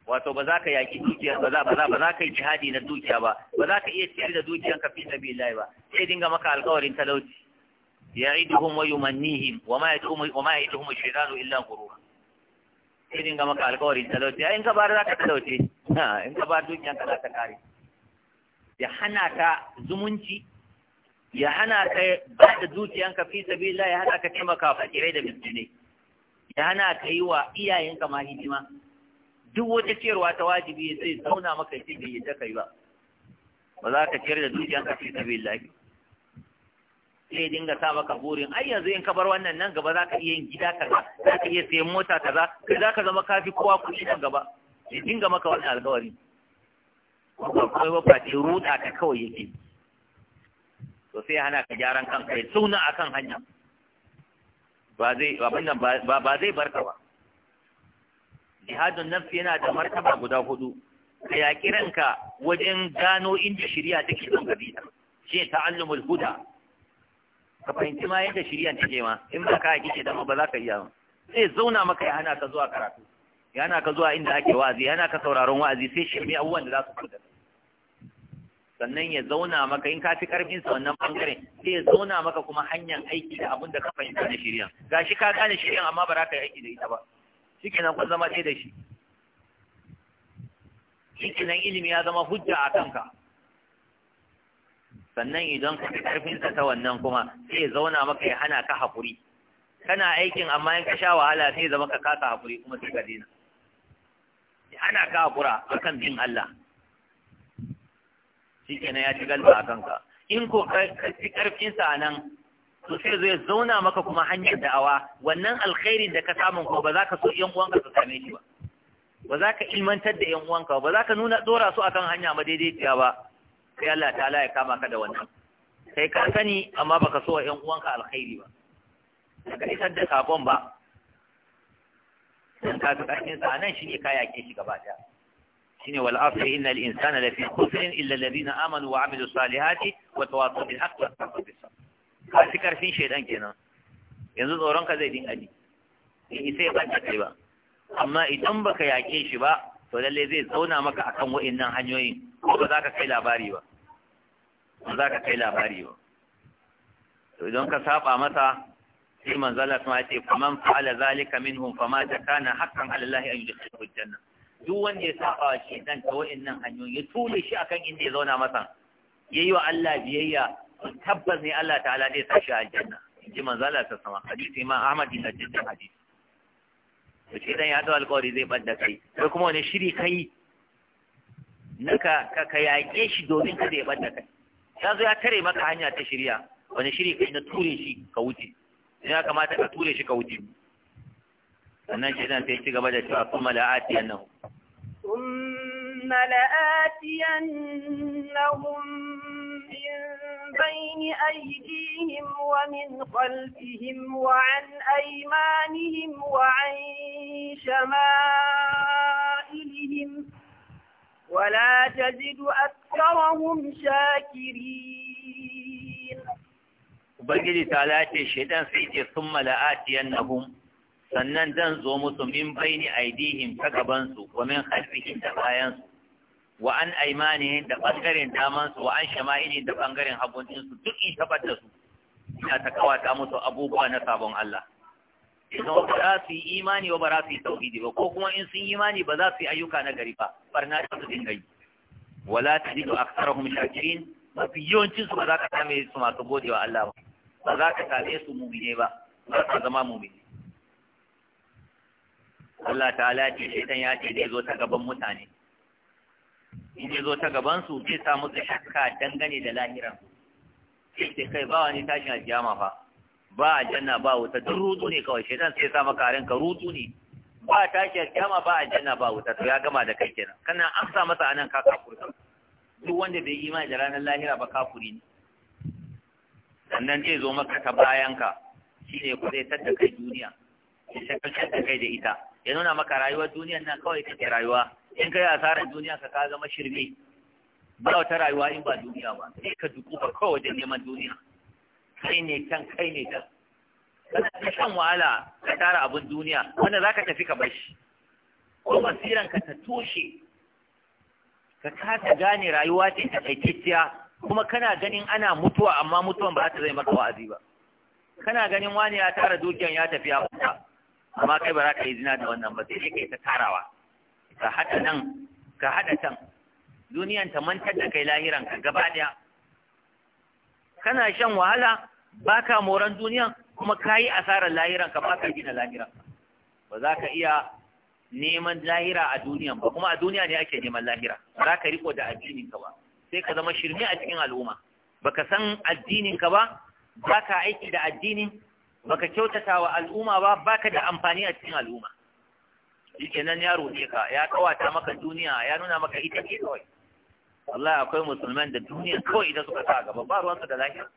wato ba za ka yaki dukiya ba za ba za ba za ka yi jihadi na dukiya ba ba za ka iya ciyar da dukiyan ka fi sabilillah ba sai dinga maka alƙawarin talauci ya'iduhum wa yumannihim wa ma ya'iduhum wa ma ya'iduhum ash-shaytanu illa ghurura sai dinga maka alƙawarin talauci in ka bar za ka talauce in ka bar dukiyan ka za ta kare ya hana ka zumunci ya hana ka ba da ka fi sabilillah ya hana ka taimaka fakirai da miskinai ya hana ka yi wa iyayenka ma hidima duk wata ciyarwa ta wajibi zai zauna maka shi bai yadda yi ba ba za ka ciyar da ka fi lafi sai dinga sa maka burin ai yanzu in ka bar wannan nan gaba za ka iya yin gida kaza za ka iya sayan mota kaza kai za ka zama kafi kowa kuɗi nan gaba sai dinga maka wannan alƙawari ba kai ba face ruɗa ka kawai yake to sai hana ka gyaran kanka ya a akan hanya ba zai ba barka ba jihadun nafsi yana da martaba guda hudu ka yaƙi ranka wajen gano inda shirya take son ta, shi ta'allumul huda ka fahimci ma yadda shirya take ma in ba ka yaƙi ce dama ba za ka iya ba sai zauna maka ya hana ka zuwa karatu ya hana ka zuwa inda ake wa'azi ya hana ka sauraron wa'azi sai shirme abubuwan da za su fita sannan ya zauna maka in ka fi karfin sa wannan bangaren sai ya zauna maka kuma hanyar aiki da abin da ka fahimta na shirya gashi ka gane shirya amma ba za ka yi aiki da ita ba shikenan kun zama sai da shi shikenan ilimi ya zama hujja a kanka sannan idan ka fi karfin sa ta wannan kuma sai ya zauna maka ya hana ka haƙuri kana aikin amma in ka sha wahala sai ya zama ka kasa haƙuri kuma sai ka daina ana ka haƙura akan bin Allah na ya ci galba a kanka in ko ka ci karfin sa nan to sai zai zauna maka kuma hanyar da'awa wannan alkhairin da ka samu ko ba za ka so yan uwanka su same shi ba ba za ka ilmantar da yan uwanka ba za ka nuna dora su akan hanya ma daidaiciya ba sai Allah ta'ala ya kama ka da wannan kai ka sani amma baka so wa yan uwanka alkhairi ba ka isar da sakon ba dan ka ga kashin sa nan shine ka yake shi gaba daya shine wal asri innal insana lafi khusr illa alladhina amanu wa amilus salihati wa tawassaw bil haqqi wa tawassaw bis sabr ka fi karfin shaidan kenan yanzu tsoron zai dinga ji in sai ba ta kai ba amma idan baka yake shi ba to lalle zai zauna maka akan wa'annan hanyoyin ko ba za ka kai labari ba ba za ka kai labari ba to idan ka masa sai manzala kuma zalika minhum fama ta kana haqqan ala Allah duk wanda ya saba shi dan ta wa'annan hanyoyi ya tule shi akan inda ya zauna masa yayi wa Allah biyayya tabbas ne Allah ta'ala zai sa shi aljanna inji manzo Allah ta sama hadisi ma Ahmad bin Hajjaj hadisi to shi dan ya dawo alƙawari zai bada kai ko kuma wani shiri kai naka ka ka yake shi domin ka zai bada kai ya zo ya tare maka hanya ta shirya wani shiri kai na ture shi ka wuce ya kamata ka ture shi ka wuce sannan أن zan قبل ثم لآتينهم ثم لآتينهم من بين أيديهم ومن خلفهم وعن أيمانهم وعن شمائلهم ولا تجد أكثرهم شاكرين وبقي تعالى شيئا سيدي ثم لآتينهم sannan zan zo musu min baini aidihim ta gabansu wa min khalfihim da bayansu wa an aimanihim da bangaren damansu wa an shama'ilihim da bangaren su duk in tabbata da su ina ta kawata musu abubuwa na sabon Allah idan ba za su yi imani ba za su yi tauhidi ba ko kuma in sun yi imani ba za su yi ayyuka na gari ba barna ta su dinga yi wala tajidu aktharahum shakirin mafi yawancin su ba za ka same su masu godewa Allah ba ba za ka same su mumine ba ba za ka zama mumine Allah ta'ala ce shaitan ya ce zai zo ta gaban mutane in zai zo ta gaban su zai sa musu shakka dangane da lahiran sai ce kai ba wani tashin alkiyama fa ba janna ba wuta duk rudu ne kawai shaitan sai sa maka ranka rudu ne ba tashin alkiyama ba janna ba wuta to ya gama da kai kenan kana amsa masa anan ka kafurta duk wanda bai yi da ranar lahira ba kafuri ne sannan zai zo maka ta bayanka shine ku zai tattaka kai duniya ya shagaltar da kai da ita ya nuna maka rayuwar duniyan nan kawai kake rayuwa in kai asarar duniya ka ka zama shirme ba wata rayuwa in ba duniya ba sai ka ba kawai da neman duniya kai ne can kai ne can kana ta shan wahala ka tara abin duniya wanda za ka tafi ka bar shi ko basiran ka ta toshe ka kasa gane rayuwa ce ta tsaitacciya kuma kana ganin ana mutuwa amma mutuwan ba za ta zai maka wa'azi ba kana ganin wani ya tara dukiyan ya tafi ya fita amma kai ba za ka yi zina da wannan ba sai kai ta tarawa ka haɗa nan ka haɗa can duniyan ta mantar da kai lahiran ka gaba daya kana shan wahala baka moran duniyan kuma ka yi asarar lahiran ka ba ka gina lahiran ba za ka iya neman lahira a duniyan ba kuma a duniya ne ake neman lahira ba za ka riko da addinin ka ba sai ka zama shirme a cikin al'umma baka san addinin ka ba ka aiki da addinin baka kyautata wa al'umma ba baka da amfani a cikin al'umma yake nan ya roƙe ka ya kawata maka duniya ya nuna maka ita ce kawai Allah akwai musulman da duniya kawai idan suka sa gaba ba ruwansu da lahira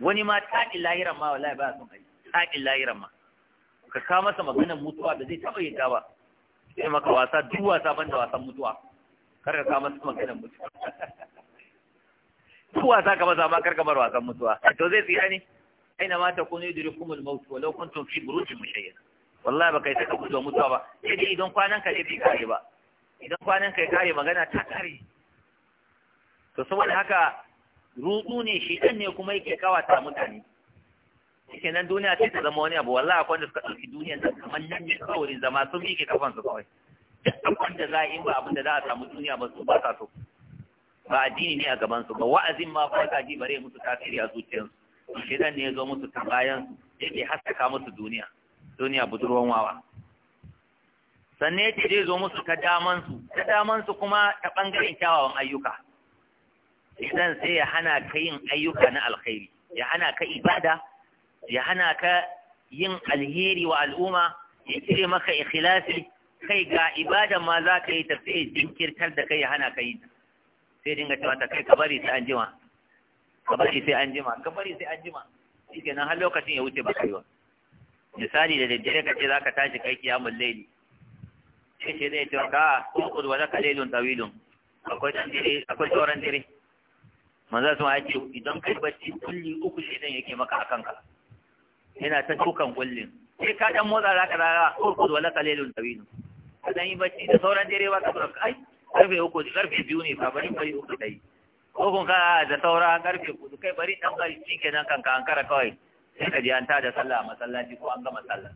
wani ma taƙin lahiran ma wallahi ba sun kai taƙin lahiran ma ka ka masa maganar mutuwa da zai taɓa yadda ba sai maka wasa duk wasa ban da wasan mutuwa kar ka kawo masa maganar mutuwa duk wasa ka masa ma kar ka bar wasan mutuwa to zai tsira ne aina ma takunu yudrikumul maut walau kuntum fi burujin mushayyada wallahi baka yi saka gudu mutuwa ba sai dai idan kwanan ka bai kare ba idan kwanan ka ya kare magana ta kare to saboda haka rudu ne shi dan ne kuma yake ta mutane yake nan duniya sai ta zama wani abu wallahi akwai wanda suka ɗauki duniyan nan kamar nan ne kawai zama sun yi ke kafan su kawai duk abin da za a yi ba abin da za a samu duniya ba su ba sa so ba addini ne a gaban su ba wa'azin ma ba ka ji bare musu tasiri a zuciyarsu shedan ne ya zo musu ta bayan yake haskaka musu duniya duniya budurwan wawa sannan yake zai zo musu ta damansu ta damansu kuma ta ɓangaren kyawawan ayyuka idan sai ya hana ka yin ayyuka na alkhairi ya hana ka ibada ya hana ka yin alheri wa al'umma ya cire maka ikhlasi kai ga ibada ma za ka yi ta sai jinkirtar da kai ya hana ka yi sai dinga cewa ta kai ka bari sai an jima ka bari sai an jima ka bari sai an jima shikenan har lokacin ya wuce ba kai ba misali da daddare ka ce za ka tashi kai kiyamul laili sai ce zai ce ka ah, kuma wa zaka lailun tawilun akwai dan dire akwai tsoron dire manzo sun ya ce idan kai bacci kulli uku shi zan yake maka akan ka yana ta kukan kullin sai ka dan motsa za zaka zaka kukud wa zaka lailun tawilun dan yi bacci da sauran dire ba ka ai karfe uku karfe biyu ne fa bari bari uku dai ko kun ka da saura karfe kudu kai bari dan bari shi kenan kanka an kara kawai sai ka je an tada sallah a masallaci ko an gama sallah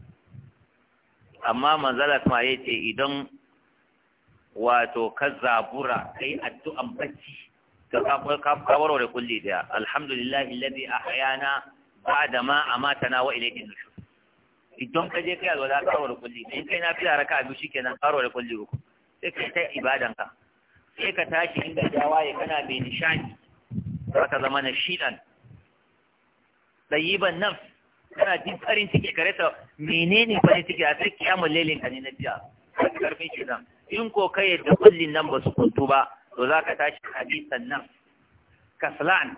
amma manzala kuma ya ce idan wato ka zabura kai addu'an bacci ka kawar da kulli daya alhamdulillah alladhi ahyana ba'da ma amatana wa ilayhi nushur idan ka je kai alwala kawar da kulli in kai na fi raka abu shikenan kawar wani kulli uku sai ka ta ibadanka sai ka tashi inda waye kana mai nishani za ka zama na shidan ɗayiban nan kana jin farin ciki ka rasa menene farin ciki a sai kiyamun lelin ka ne na biya karfin shi nan in ko kai yadda kullin nan ba su kuntu ba to za ka tashi hadisan nan kaslan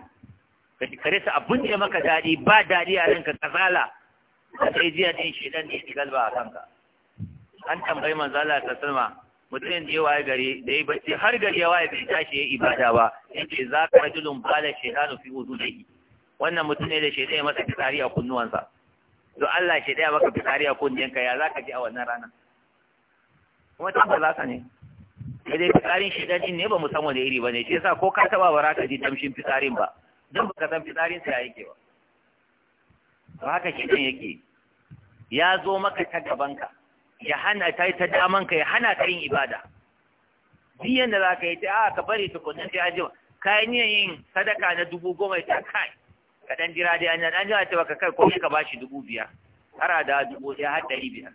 ka rasa abin da maka daɗi ba daɗi a ranka kasala a sai jiya ɗin shaidan ne ki galba a kanka an tambayi manzala ta salma mutum ya waye gari da ya bacci har gari ya waye bai tashi ya ibada ba ce za ka rajulun bala shaytanu fi yi. wannan mutum ne da shaytan ya masa fitsari a kunnuwansa to Allah shi ya maka fitsari a kunnuwanka ya za ka ji a wannan rana kuma ta ba za ka ne sai dai fitsarin shaytan ne ba mu san wani iri bane shi yasa ko ka taba ba za ka ji tamshin fitarin ba dan baka san fitsarin sa yake ba haka shaytan yake ya zo maka ta gabanka ya hana ta ta daman ka ya hana ta yin ibada biyan da za ka yi ta a ah, ka bari ta sai an jima kayan yin sadaka na dubu goma ya ta kai ka dan jira da an an jira ta baka kai ko ka bashi dubu biyar har da dubu ɗaya har ɗari biyar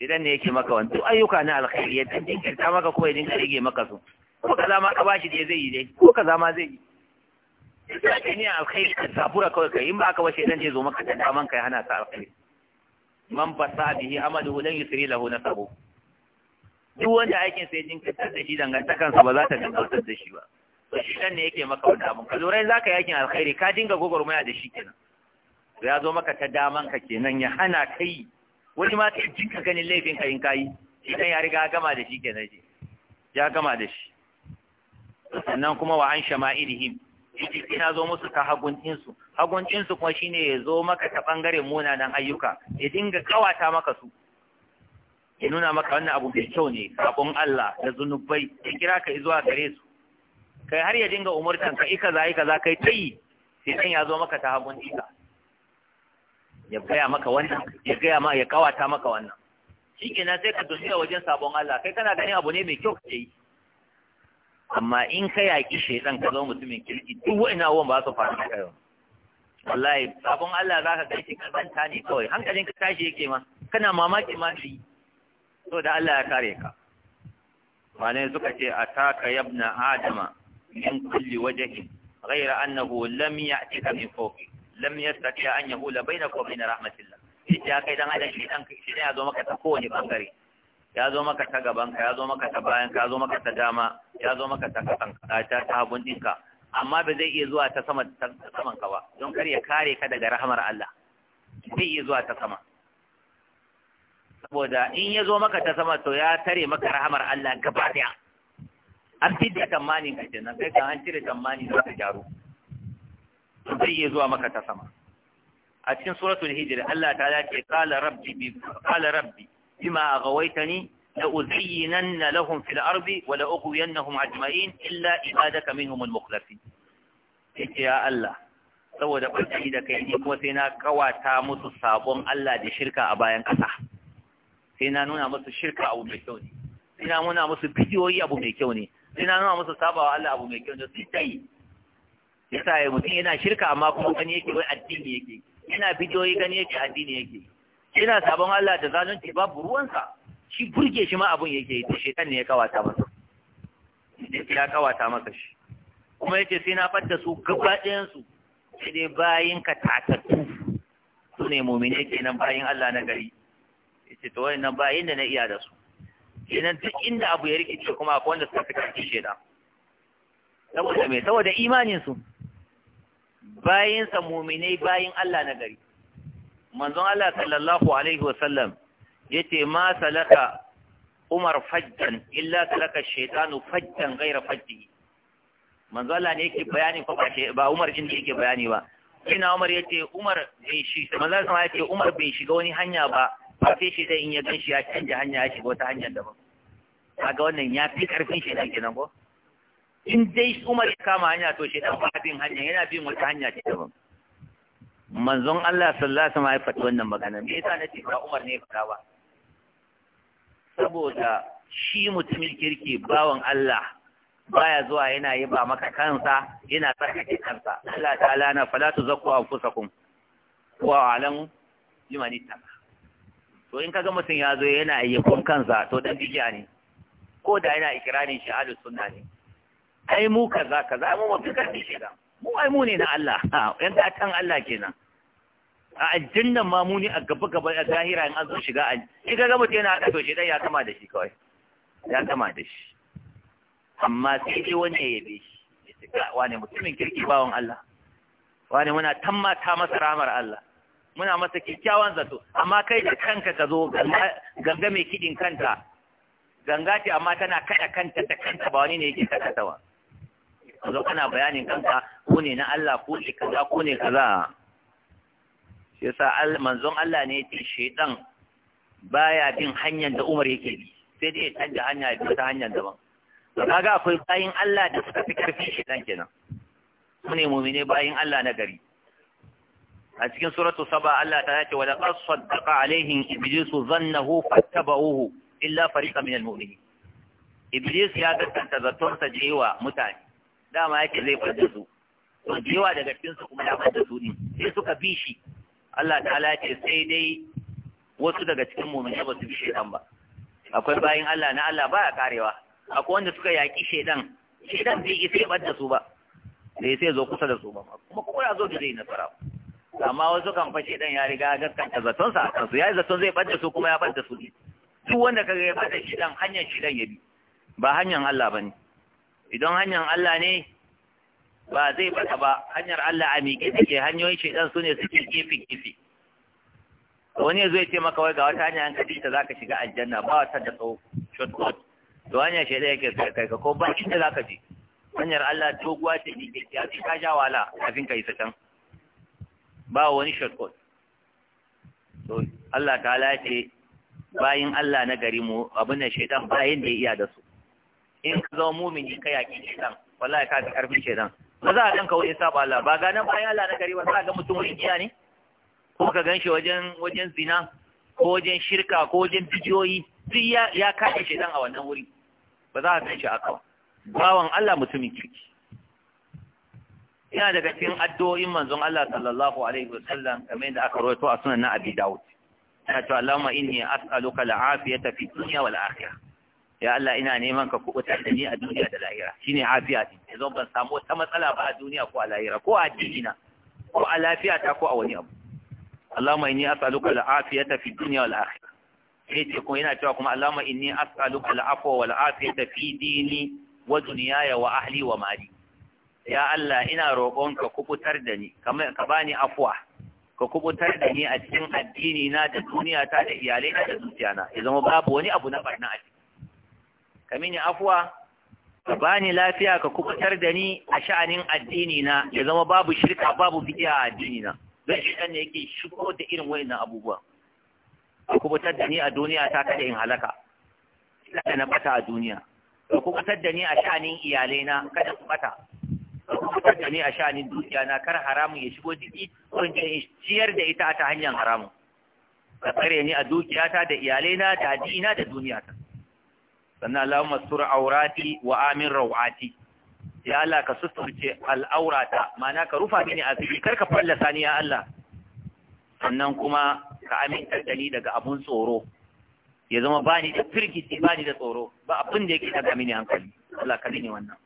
idan ne yake maka wani duk ayyuka na alkhairi ya dan jinkirta maka ko ya dinka rage maka su ko kaza ma ka bashi dai zai yi dai ko kaza ma zai yi sai ka niyan alkhairi ka zabura kawai kai in ba ka bashi idan zai zo maka da daman ka ya hana ta alkhairi man fasa bihi amaluhu lan yusri lahu nasabu duk wanda aikin sai jinkirtar da shi dangantakansa ba za ta dangantar da shi ba to shi ne yake maka wani abu. ka lura za ka yi aikin alkhairi ka dinga gwagwarmaya da shi kenan to ya zo maka ta daman ka kenan ya hana kai wani ma sai jinka ganin laifin ka in ka yi shi ya riga gama da shi kenan ya gama da shi sannan kuma wa an shama'ilihim Jirgin sai na zo musu ta hagun ɗinsu hagun ɗinsu kuma shine ya zo maka ta ɓangaren munanan ayyuka ya dinga kawata maka su ya nuna maka wannan abu mai kyau ne abun Allah da zunubai ya kira ka zuwa gare su kai har ya dinga umurtan ka ika zai za kai yi? sai dan ya zo maka ta hagun ka. ya gaya maka wannan ya gaya ma ya kawata maka wannan shikenan sai ka dusi wajen sabon Allah kai kana ganin abu ne mai kyau ka yi amma in ka yaƙi shaidan ka zama mutumin kirki duk ina wani ba su faru da kai wallahi sabon Allah za ka gaishe ka zanta ne kawai hankalin ka tashi yake ma kana mamaki ma shi so da Allah ya kare ka Wane suka ce a taka yabna adama min kulli wajhi ghayra annahu lam ya'tika min fawqi lam yastati an yahula bainaka wa bain rahmatillah ita kai dan adam shi dan shi ne ya zo maka ta kowane bangare ya zo maka ta gabanka ya zo maka ta bayanka ya zo maka ta dama ya zo maka ta kasanka ta ta hagun ɗinka amma ba zai iya zuwa ta sama ta saman ka ba don kar ya kare ka daga rahamar Allah zai iya zuwa ta sama saboda in ya zo maka ta sama to ya tare maka rahamar Allah gaba daya an fidda tsammanin ka kenan kai kan an cire tsammanin da ka jaru zai iya zuwa maka ta sama a cikin suratul hijr Allah ta ce qala rabbi qala rabbi بما أغويتني لأزينن لهم في الأرض ولأغوينهم أجمعين إلا عبادك منهم المخلفين يا الله saboda ɓarki da kai ne kuma sai na kawata musu sabon Allah da shirka a bayan ƙasa sai na nuna musu shirka abu mai kyau ne sai na nuna musu bidiyoyi abu mai kyau ne sai na nuna musu sabawa Allah abu mai kyau ne sai dai yasa ya mutum yana shirka amma kuma gani yake wai addini yake yana bidiyoyi gani yake addini yake ina sabon Allah da zalunci babu ruwansa shi burge shi ma abun yake yi to shekan ne ya kawata masa ya kawata masa shi kuma yace sai na fadda su gaba ɗayan su sai dai bayin ka tatattu su ne mu'mini kenan bayin Allah na gari yace to nan bayin da na iya da su kenan duk inda abu ya rikice kuma akwai wanda suka fi karfi da. saboda me saboda imanin su bayinsa mu'minai bayin Allah na gari manzon Allah sallallahu alaihi wasallam yace ma salaka Umar fajjan illa salaka shaytanu fajjan ghayra fajji manzon Allah ne yake bayani ko ba ba Umar din yake bayani ba ina Umar yace Umar bai shi manzon Allah yace Umar bai shiga wani hanya ba ba sai shi sai in ya ganshi ya canja hanya ya shiga wata hanya daban kaga wannan ya fi karfin shi ne kenan ko in dai Umar ya kama hanya to shi dan ba bin hanya yana bin wata hanya ce daban manzon Allah sallallahu alaihi wasallam ya faɗi wannan magana me yasa nace ba Umar ne ya ba saboda shi mutumin kirki bawan Allah baya zuwa yana yi ba maka kansa yana tsarkake kansa Allah ta'ala na fala tuzakku anfusakum wa alam liman ittaka to in kaga mutum ya zo yana ayyukan kansa to dan biya ne ko da yana ikirarin shi ahlus sunna ne ai mu kaza kaza mu mafi karfi shi da mu ai mu ne na Allah yan yanda kan Allah kenan a addinin ma a gaba gaba a zahira in an zo shiga an shi ka gama yana da toshe shi dan ya kama da shi kawai ya kama da shi amma sai dai wani ya bi shi wani mutumin kirki bawan Allah wani muna tammata masa ramar Allah muna masa kyakkyawan zato amma kai da kanka ka zo ganga mai kidin kanta ganga ce amma tana kada kanta da kanta ba wani ne yake kada tawa zo kana bayanin kanka ko ne na Allah ko ne kaza ko ne kaza Ya sa manzon Allah ne ya ce shedan baya bin hanyar da Umar yake bi sai dai ya canja hanya ya ta hanyar daban ga akwai bayin Allah da suka fi karfin shedan kenan mu ne mu'mine bayin Allah na gari a cikin suratu saba Allah ta ce wa laqad saddaqa alaihim iblisu dhannahu fattaba'uhu illa fariqan minal mu'minin iblis ya gaskanta zaton sa jewa mutane dama yake zai fadda su to jewa daga cikin su kuma ya fadda su ne sai suka bi shi Allah ta'ala ce sai dai wasu daga cikin mu'mini ba su bi shaidan ba akwai bayin Allah na Allah ba ya karewa akwai wanda suka yaƙi shaidan shaidan bai isa ya da su ba ya sai zo kusa da su ba kuma ko ya zo da zai nasara amma wasu kan fa shaidan ya riga gaskanta zaton sa kansu, su yi zaton zai ɓadda su kuma ya ɓadda su duk wanda kaga ya ɓadda shaidan hanyar shaidan ya bi ba hanyar Allah ba ne. idan hanyar Allah ne ba zai bata ba hanyar Allah a miƙe take hanyoyin shaidan su ne suke gefe gefe wani ya zo ya ce maka wai ga wata hanya an kaɗi ta zaka shiga aljanna ba wata da tsawo shortcut to hanya shaidan yake kai ka ko ba inda zaka je hanyar Allah doguwa ce ke ya fi ka ja wahala kafin ka yi can ba wani shortcut to Allah ala ce bayin Allah na gari mu abin da shaidan bayin da ya iya da su in ka zama mumini ka yaƙi shaidan wallahi ka ga ƙarfin shaidan ba za a ɗan kawai ya saba Allah ba ga nan bayan Allah na gari ba za a ga mutum wurin giya ne ko ka gan shi wajen wajen zina ko wajen shirka ko wajen bidiyoyi duk ya ya kaɗe shi dan a wannan wuri ba za a san shi aka bawan Allah mutumin kirki yana daga cikin addu'o'in manzon Allah sallallahu alaihi sallam kamar yadda aka rawaito a sunan na Abi Dawud yana cewa Allahumma inni as'aluka al-afiyata fi dunya wal akhirah ya Allah ina neman ka kubutar da ni a duniya da lahira shine afiya din yanzu ban samu wata matsala ba a duniya ko a lahira ko a addinina ko a lafiya ta ko a wani abu Allahumma inni as'aluka al-afiyata fi dunya wal akhirah sai ce kuma yana cewa kuma Allahumma inni as'aluka al-afwa wal afiyata fi dini wa dunyaya wa ahli wa mali ya Allah ina roƙonka kubutar da ni kamar ka bani afwa ka kubutar da ni a cikin addini na da duniya ta da iyalai na da zuciya na ya zama babu wani abu na barna a ciki ka mini afuwa ka bani lafiya ka kubutar da ni a sha'anin addini na ya zama babu shirka babu bid'a a addini na don shaitan ne yake shigo da irin wayannan abubuwa ka kubutar da ni a duniya ta kada in halaka kada na bata a duniya ka kubutar da ni a sha'anin iyalai na kada su bata ka kubutar da ni a sha'anin dukiya na kar haramun ya shigo jiki ko in ciyar da ita ta hanyar haramun ka tsare ni a dukiyata da iyalaina da na da duniya ta. sannan alamar sur aurati wa amin rawati ya Allah ka suturce al'aurata ma'ana ka rufa mini asiri kar ka fallasa ni ya Allah sannan kuma ka aminta da ni daga abun tsoro ya zama bani da firgici bani da tsoro ba abin da yake daga mini hankali Allah ka dini wannan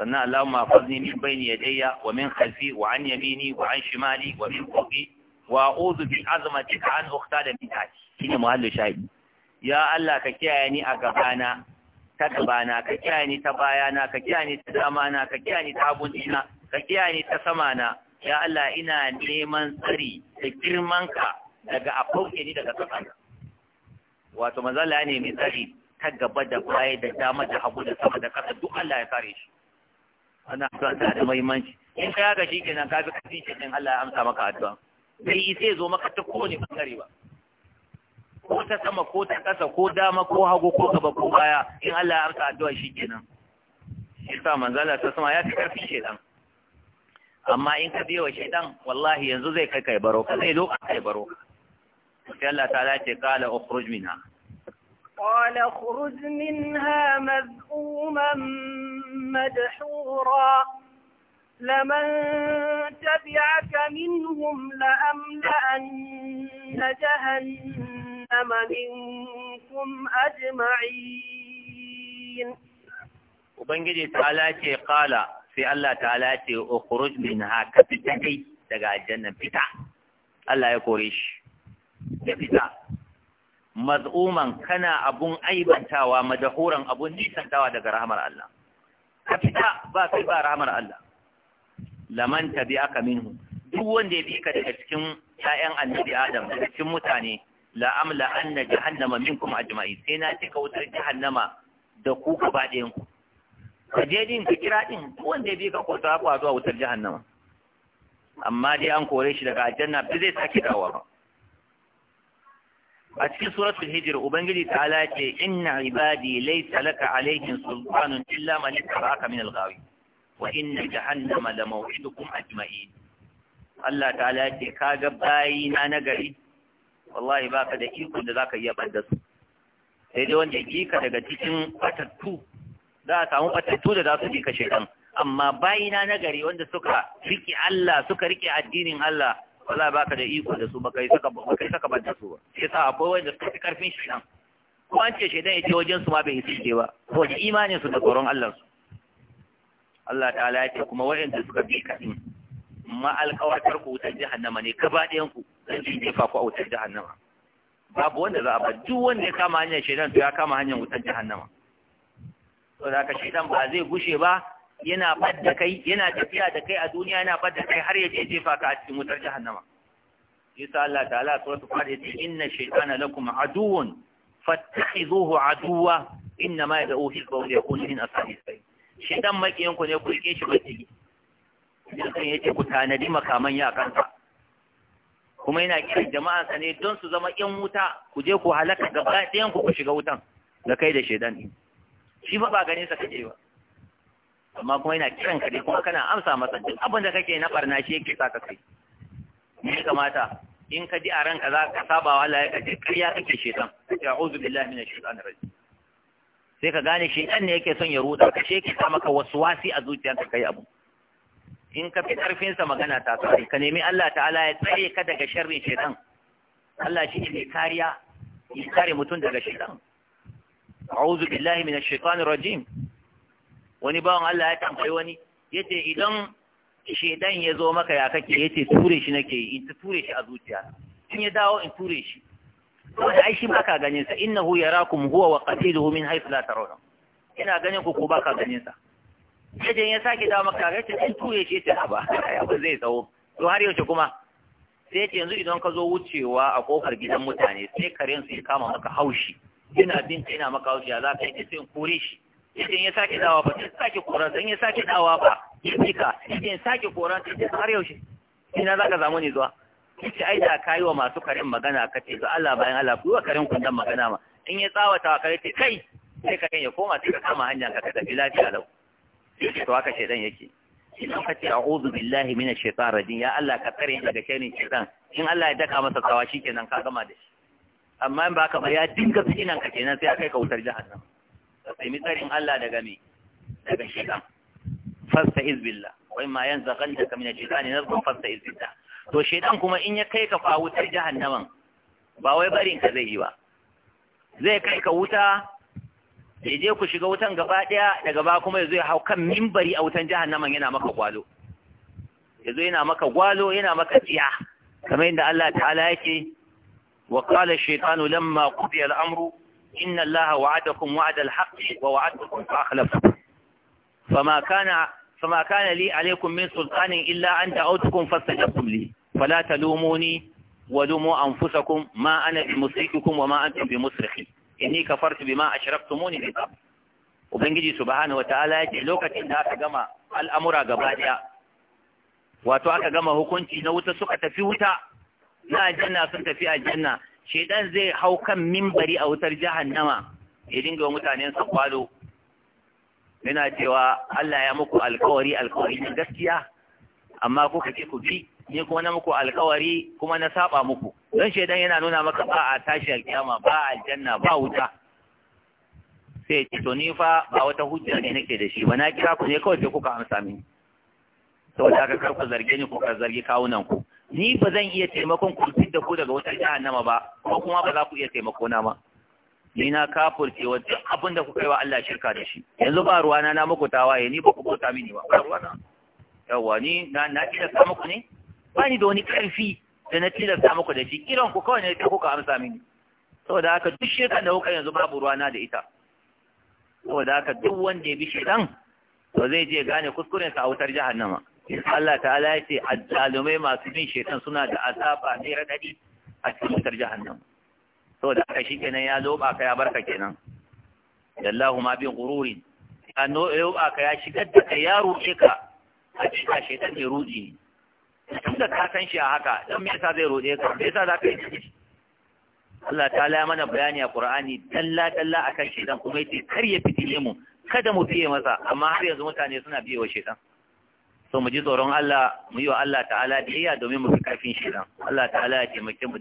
sannan ma fazni min bayni yadayya wa min khalfi wa an yamini wa an shimali wa min fawqi wa a'udhu bi azmatika an ukhtada min tahti shine muhallu shahidi ya Allah ka kiyaye ni a gabana ta gabana ka kiyaye ni ta bayana ka kiyaye ni ta na ka kiyaye ni ta hagunina ka kiyaye ni ta samana ya Allah ina neman tsari da ka daga a fauke ni daga kasana wato mazala ne mai tsari ta gaba da baya da dama da hagu da sama da kasa duk Allah ya kare shi ana son ta da muhimmanci in ka ga shi kenan ka bi shi kenan Allah ya amsa maka addu'a bai sai zo maka ta kowane bangare ba ko ta sama ko ta ƙasa ko dama ko hagu ko gaba ko baya in Allah ya amsa addu'a shikenan shi sa manzala ta sama ya fi karfi shedan amma in ka biyo shedan wallahi yanzu zai kai kai baro ka zai loka kai baro sai Allah ta'ala ce qala ukhruj minha قال اخرج منها مذءوما مدحورا لمن تبعك منهم لأملأن جهنم منكم أجمعين وبنجي تعالى قال في الله تعالى اخرج منها كفتكي daga aljannan fita Allah ya kore shi ya fita maz'uman kana abun aibantawa madahuran abun nisantawa daga rahmar Allah ka fita ba kai ba rahmar Allah laman tabi'aka minhu duk wanda ya bi ka daga cikin ƴaƴan annabi Adam daga cikin mutane la amla anna jahannama minkum ajma'in sai na cika wutar jahannama da ku gaba ɗayan ku ka je din ka kira din wanda ya bi ka ko ta zuwa wutar jahannama amma dai an kore shi daga aljanna ba zai sake dawowa ba a cikin suratul hijr ubangiji ta'ala ce inna ibadi laysa laka alaihim sultanun illa man ittaba'aka min al-ghawi wa inna jahannama la maw'idukum ajma'in Allah ta'ala ya ce kaga bayi na nagari wallahi baka da iko da zaka iya banda su sai dai wanda kika daga cikin batattu za a samu batattu da za su bi ka kan amma bayi na nagari wanda suka rike Allah suka rike addinin Allah wallahi baka da iko da su baka yi saka baka saka banda su sai sa akwai wanda suka fi karfin shi nan ko an ce shedan ya ce wajen su ma bai yi ba ko imanin su da tsoron Allah su Allah ta'ala ya ce kuma wa'anda suka bi ka din ma alƙawartar ku wutar jahannama ne gaba ɗayan ku zan ji jefa ku a wutar jahannama babu wanda za a ba duk wanda ya kama hanyar shaidan to ya kama hanyar wutar jahannama to da ka shaidan ba zai gushe ba yana fadda kai yana tafiya da kai a duniya yana fadda kai har ya je jefa ka a cikin wutar jahannama yasa Allah ta'ala suratu fatiha ce inna shaytana lakum aduwwun fattakhidhuhu aduwwa inna ma yad'u fi qawli yakun min ashabi shi dan makiyin ku ne ku rike shi baki ya ce ku tanadi makaman ya kanta. kuma yana kiran jama'a sa ne don su zama yan wuta ku je ku halaka gaba ɗayan ku ku shiga wutan da kai da shedan din shi ba ba ganin sa kaje ba amma kuma yana kiran ka dai kuma kana amsa masa duk abin da kake na barna shi yake sa ka kai me kamata in ka ji a ranka za ka saba wa Allah ya kace kariya kake shedan ya a'udhu billahi minash shaitanir rajim sai ka gane shi ɗan ne yake son ya ruɗa ka shi sa maka wasu wasi a zuciyarka kai abu in ka fi ƙarfinsa magana ta tsari ka nemi Allah ta'ala ya tsare ka daga sharrin shaitan Allah shi ne mai kariya ya kare mutum daga shaitan a'udhu billahi minash shaitani rajim wani bawan Allah ya tambayi wani yace idan shaitan ya zo maka ya kake yace ture shi nake yi, in ta ture shi a zuciya in ya dawo in ture shi wanda ai shi ba ka ganin sa innahu yarakum huwa wa qatiluhu min haythu la tarawna ina ganin ku ko ba ka ganin sa sai ya sake da maka ga ta tuye shi ta ba ya ba zai tsawo to har yaushe kuma sai ce yanzu idan ka zo wucewa a kofar gidan mutane sai karen su ya kama maka haushi yana bin ina yana maka haushi za ka yi sai kore shi sai ya sake dawa ba sai sake koran sai ya sake dawa ba ya ka sai sake koran sai har yaushe ina za ka zamu ne zuwa kace ai da kai wa masu karen magana kace ce to Allah bayan Allah ku wa karin kun dan magana ma in ya tsawata wa ce kai sai kan ya koma sai ka kama hanya ka tafi lafiya lau yace to haka shedan yake idan ka ce a'udhu billahi minash shaitanir rajim ya Allah ka tsare ni daga shaitanin shaitan in Allah ya daka masa tsawa shikenan ka gama da shi amma in ba ka ba ya dinga fitinan ka kenan sai kai ka wutar jahannam ka tsimi tsarin Allah daga me daga shaitan iz billah wa imma yanzaghannaka minash shaitani fasta iz billah to shaidan kuma in ya kai ka fa wutar jahannaman ba wai barin ka zai yi ba zai kai ka wuta ya je ku shiga wutan gaba daya daga ba kuma yazo ya hau kan mimbari a wutan jahannaman yana maka gwalo yazo yana maka gwalo yana maka tsiya kamar yadda Allah ta'ala yake wa qala ash-shaytanu lamma qudiya al-amru inna Allah wa'adakum wa'da al-haqqi wa wa'adtukum fa akhlaftum fama kana فما كان لي عليكم من سلطان إلا أن دعوتكم فاستجبتم لي fala talumuni wa lumu anfusakum ma ana bi musrikukum wa ma antum bi musrikhi inni kafartu bima ashraktumuni bi qabl ubangiji subhanahu wataala yace lokacin da aka gama al'amura gaba daya wato aka gama hukunci na wuta suka tafi wuta na aljanna sun tafi aljanna shedan zai hau kan mimbari a wutar nama ya dinga mutanen sa kwalo yana cewa Allah ya muku alkawari alkawari gaskiya amma kuka ce ku bi ni kuma na muku alkawari kuma na saba muku don shaidan yana nuna maka ba a tashi alkiyama ba aljanna ba wuta sai ce to ni fa ba wata hujja ne nake da shi ba na kira ku ne kawai sai kuka amsa mini saboda haka kar ku zarge ni ko ka zargi kawunan ku ni ba zan iya taimakon ku da ku daga wata jahannama ba ko kuma ba za ku iya taimako na ma ni na kafurce wa duk abin da kuka yi wa Allah shirka da shi yanzu ba ruwana na muku tawaye ni ba ku bauta mini ba ba ruwana yawa ni na na kira ka muku ne ba ni da wani ƙarfi da na tilasta muku da shi kiran ku kawai ne ta kuka amsa mini saboda haka duk shekan da kuka yanzu babu ruwana da ita saboda haka duk wanda ya bi shirkan to zai je gane kuskuren sa a wutar jahannama Allah ta'ala ya ce azzalumai masu bin shirkan suna da azaba ne radadi a cikin wutar jahannama saboda haka kenan ya loba ka ya barka kenan yallahu ma bin gururin ya loba ka ya shigar da ka ya ruɗe ka a cikin shaitan ne ruɗi da ka san shi a haka don me yasa zai roɗe ka me yasa za ka yi Allah ta la mana bayani a Qur'ani dalla dalla akan dan kuma yace kar ya fitile mu kada mu biye masa amma har yanzu mutane suna biye wa shedan so mu ji tsoron Allah mu yi wa Allah ta'ala biyayya domin mu fi karfin shedan Allah ta'ala ya taimake mu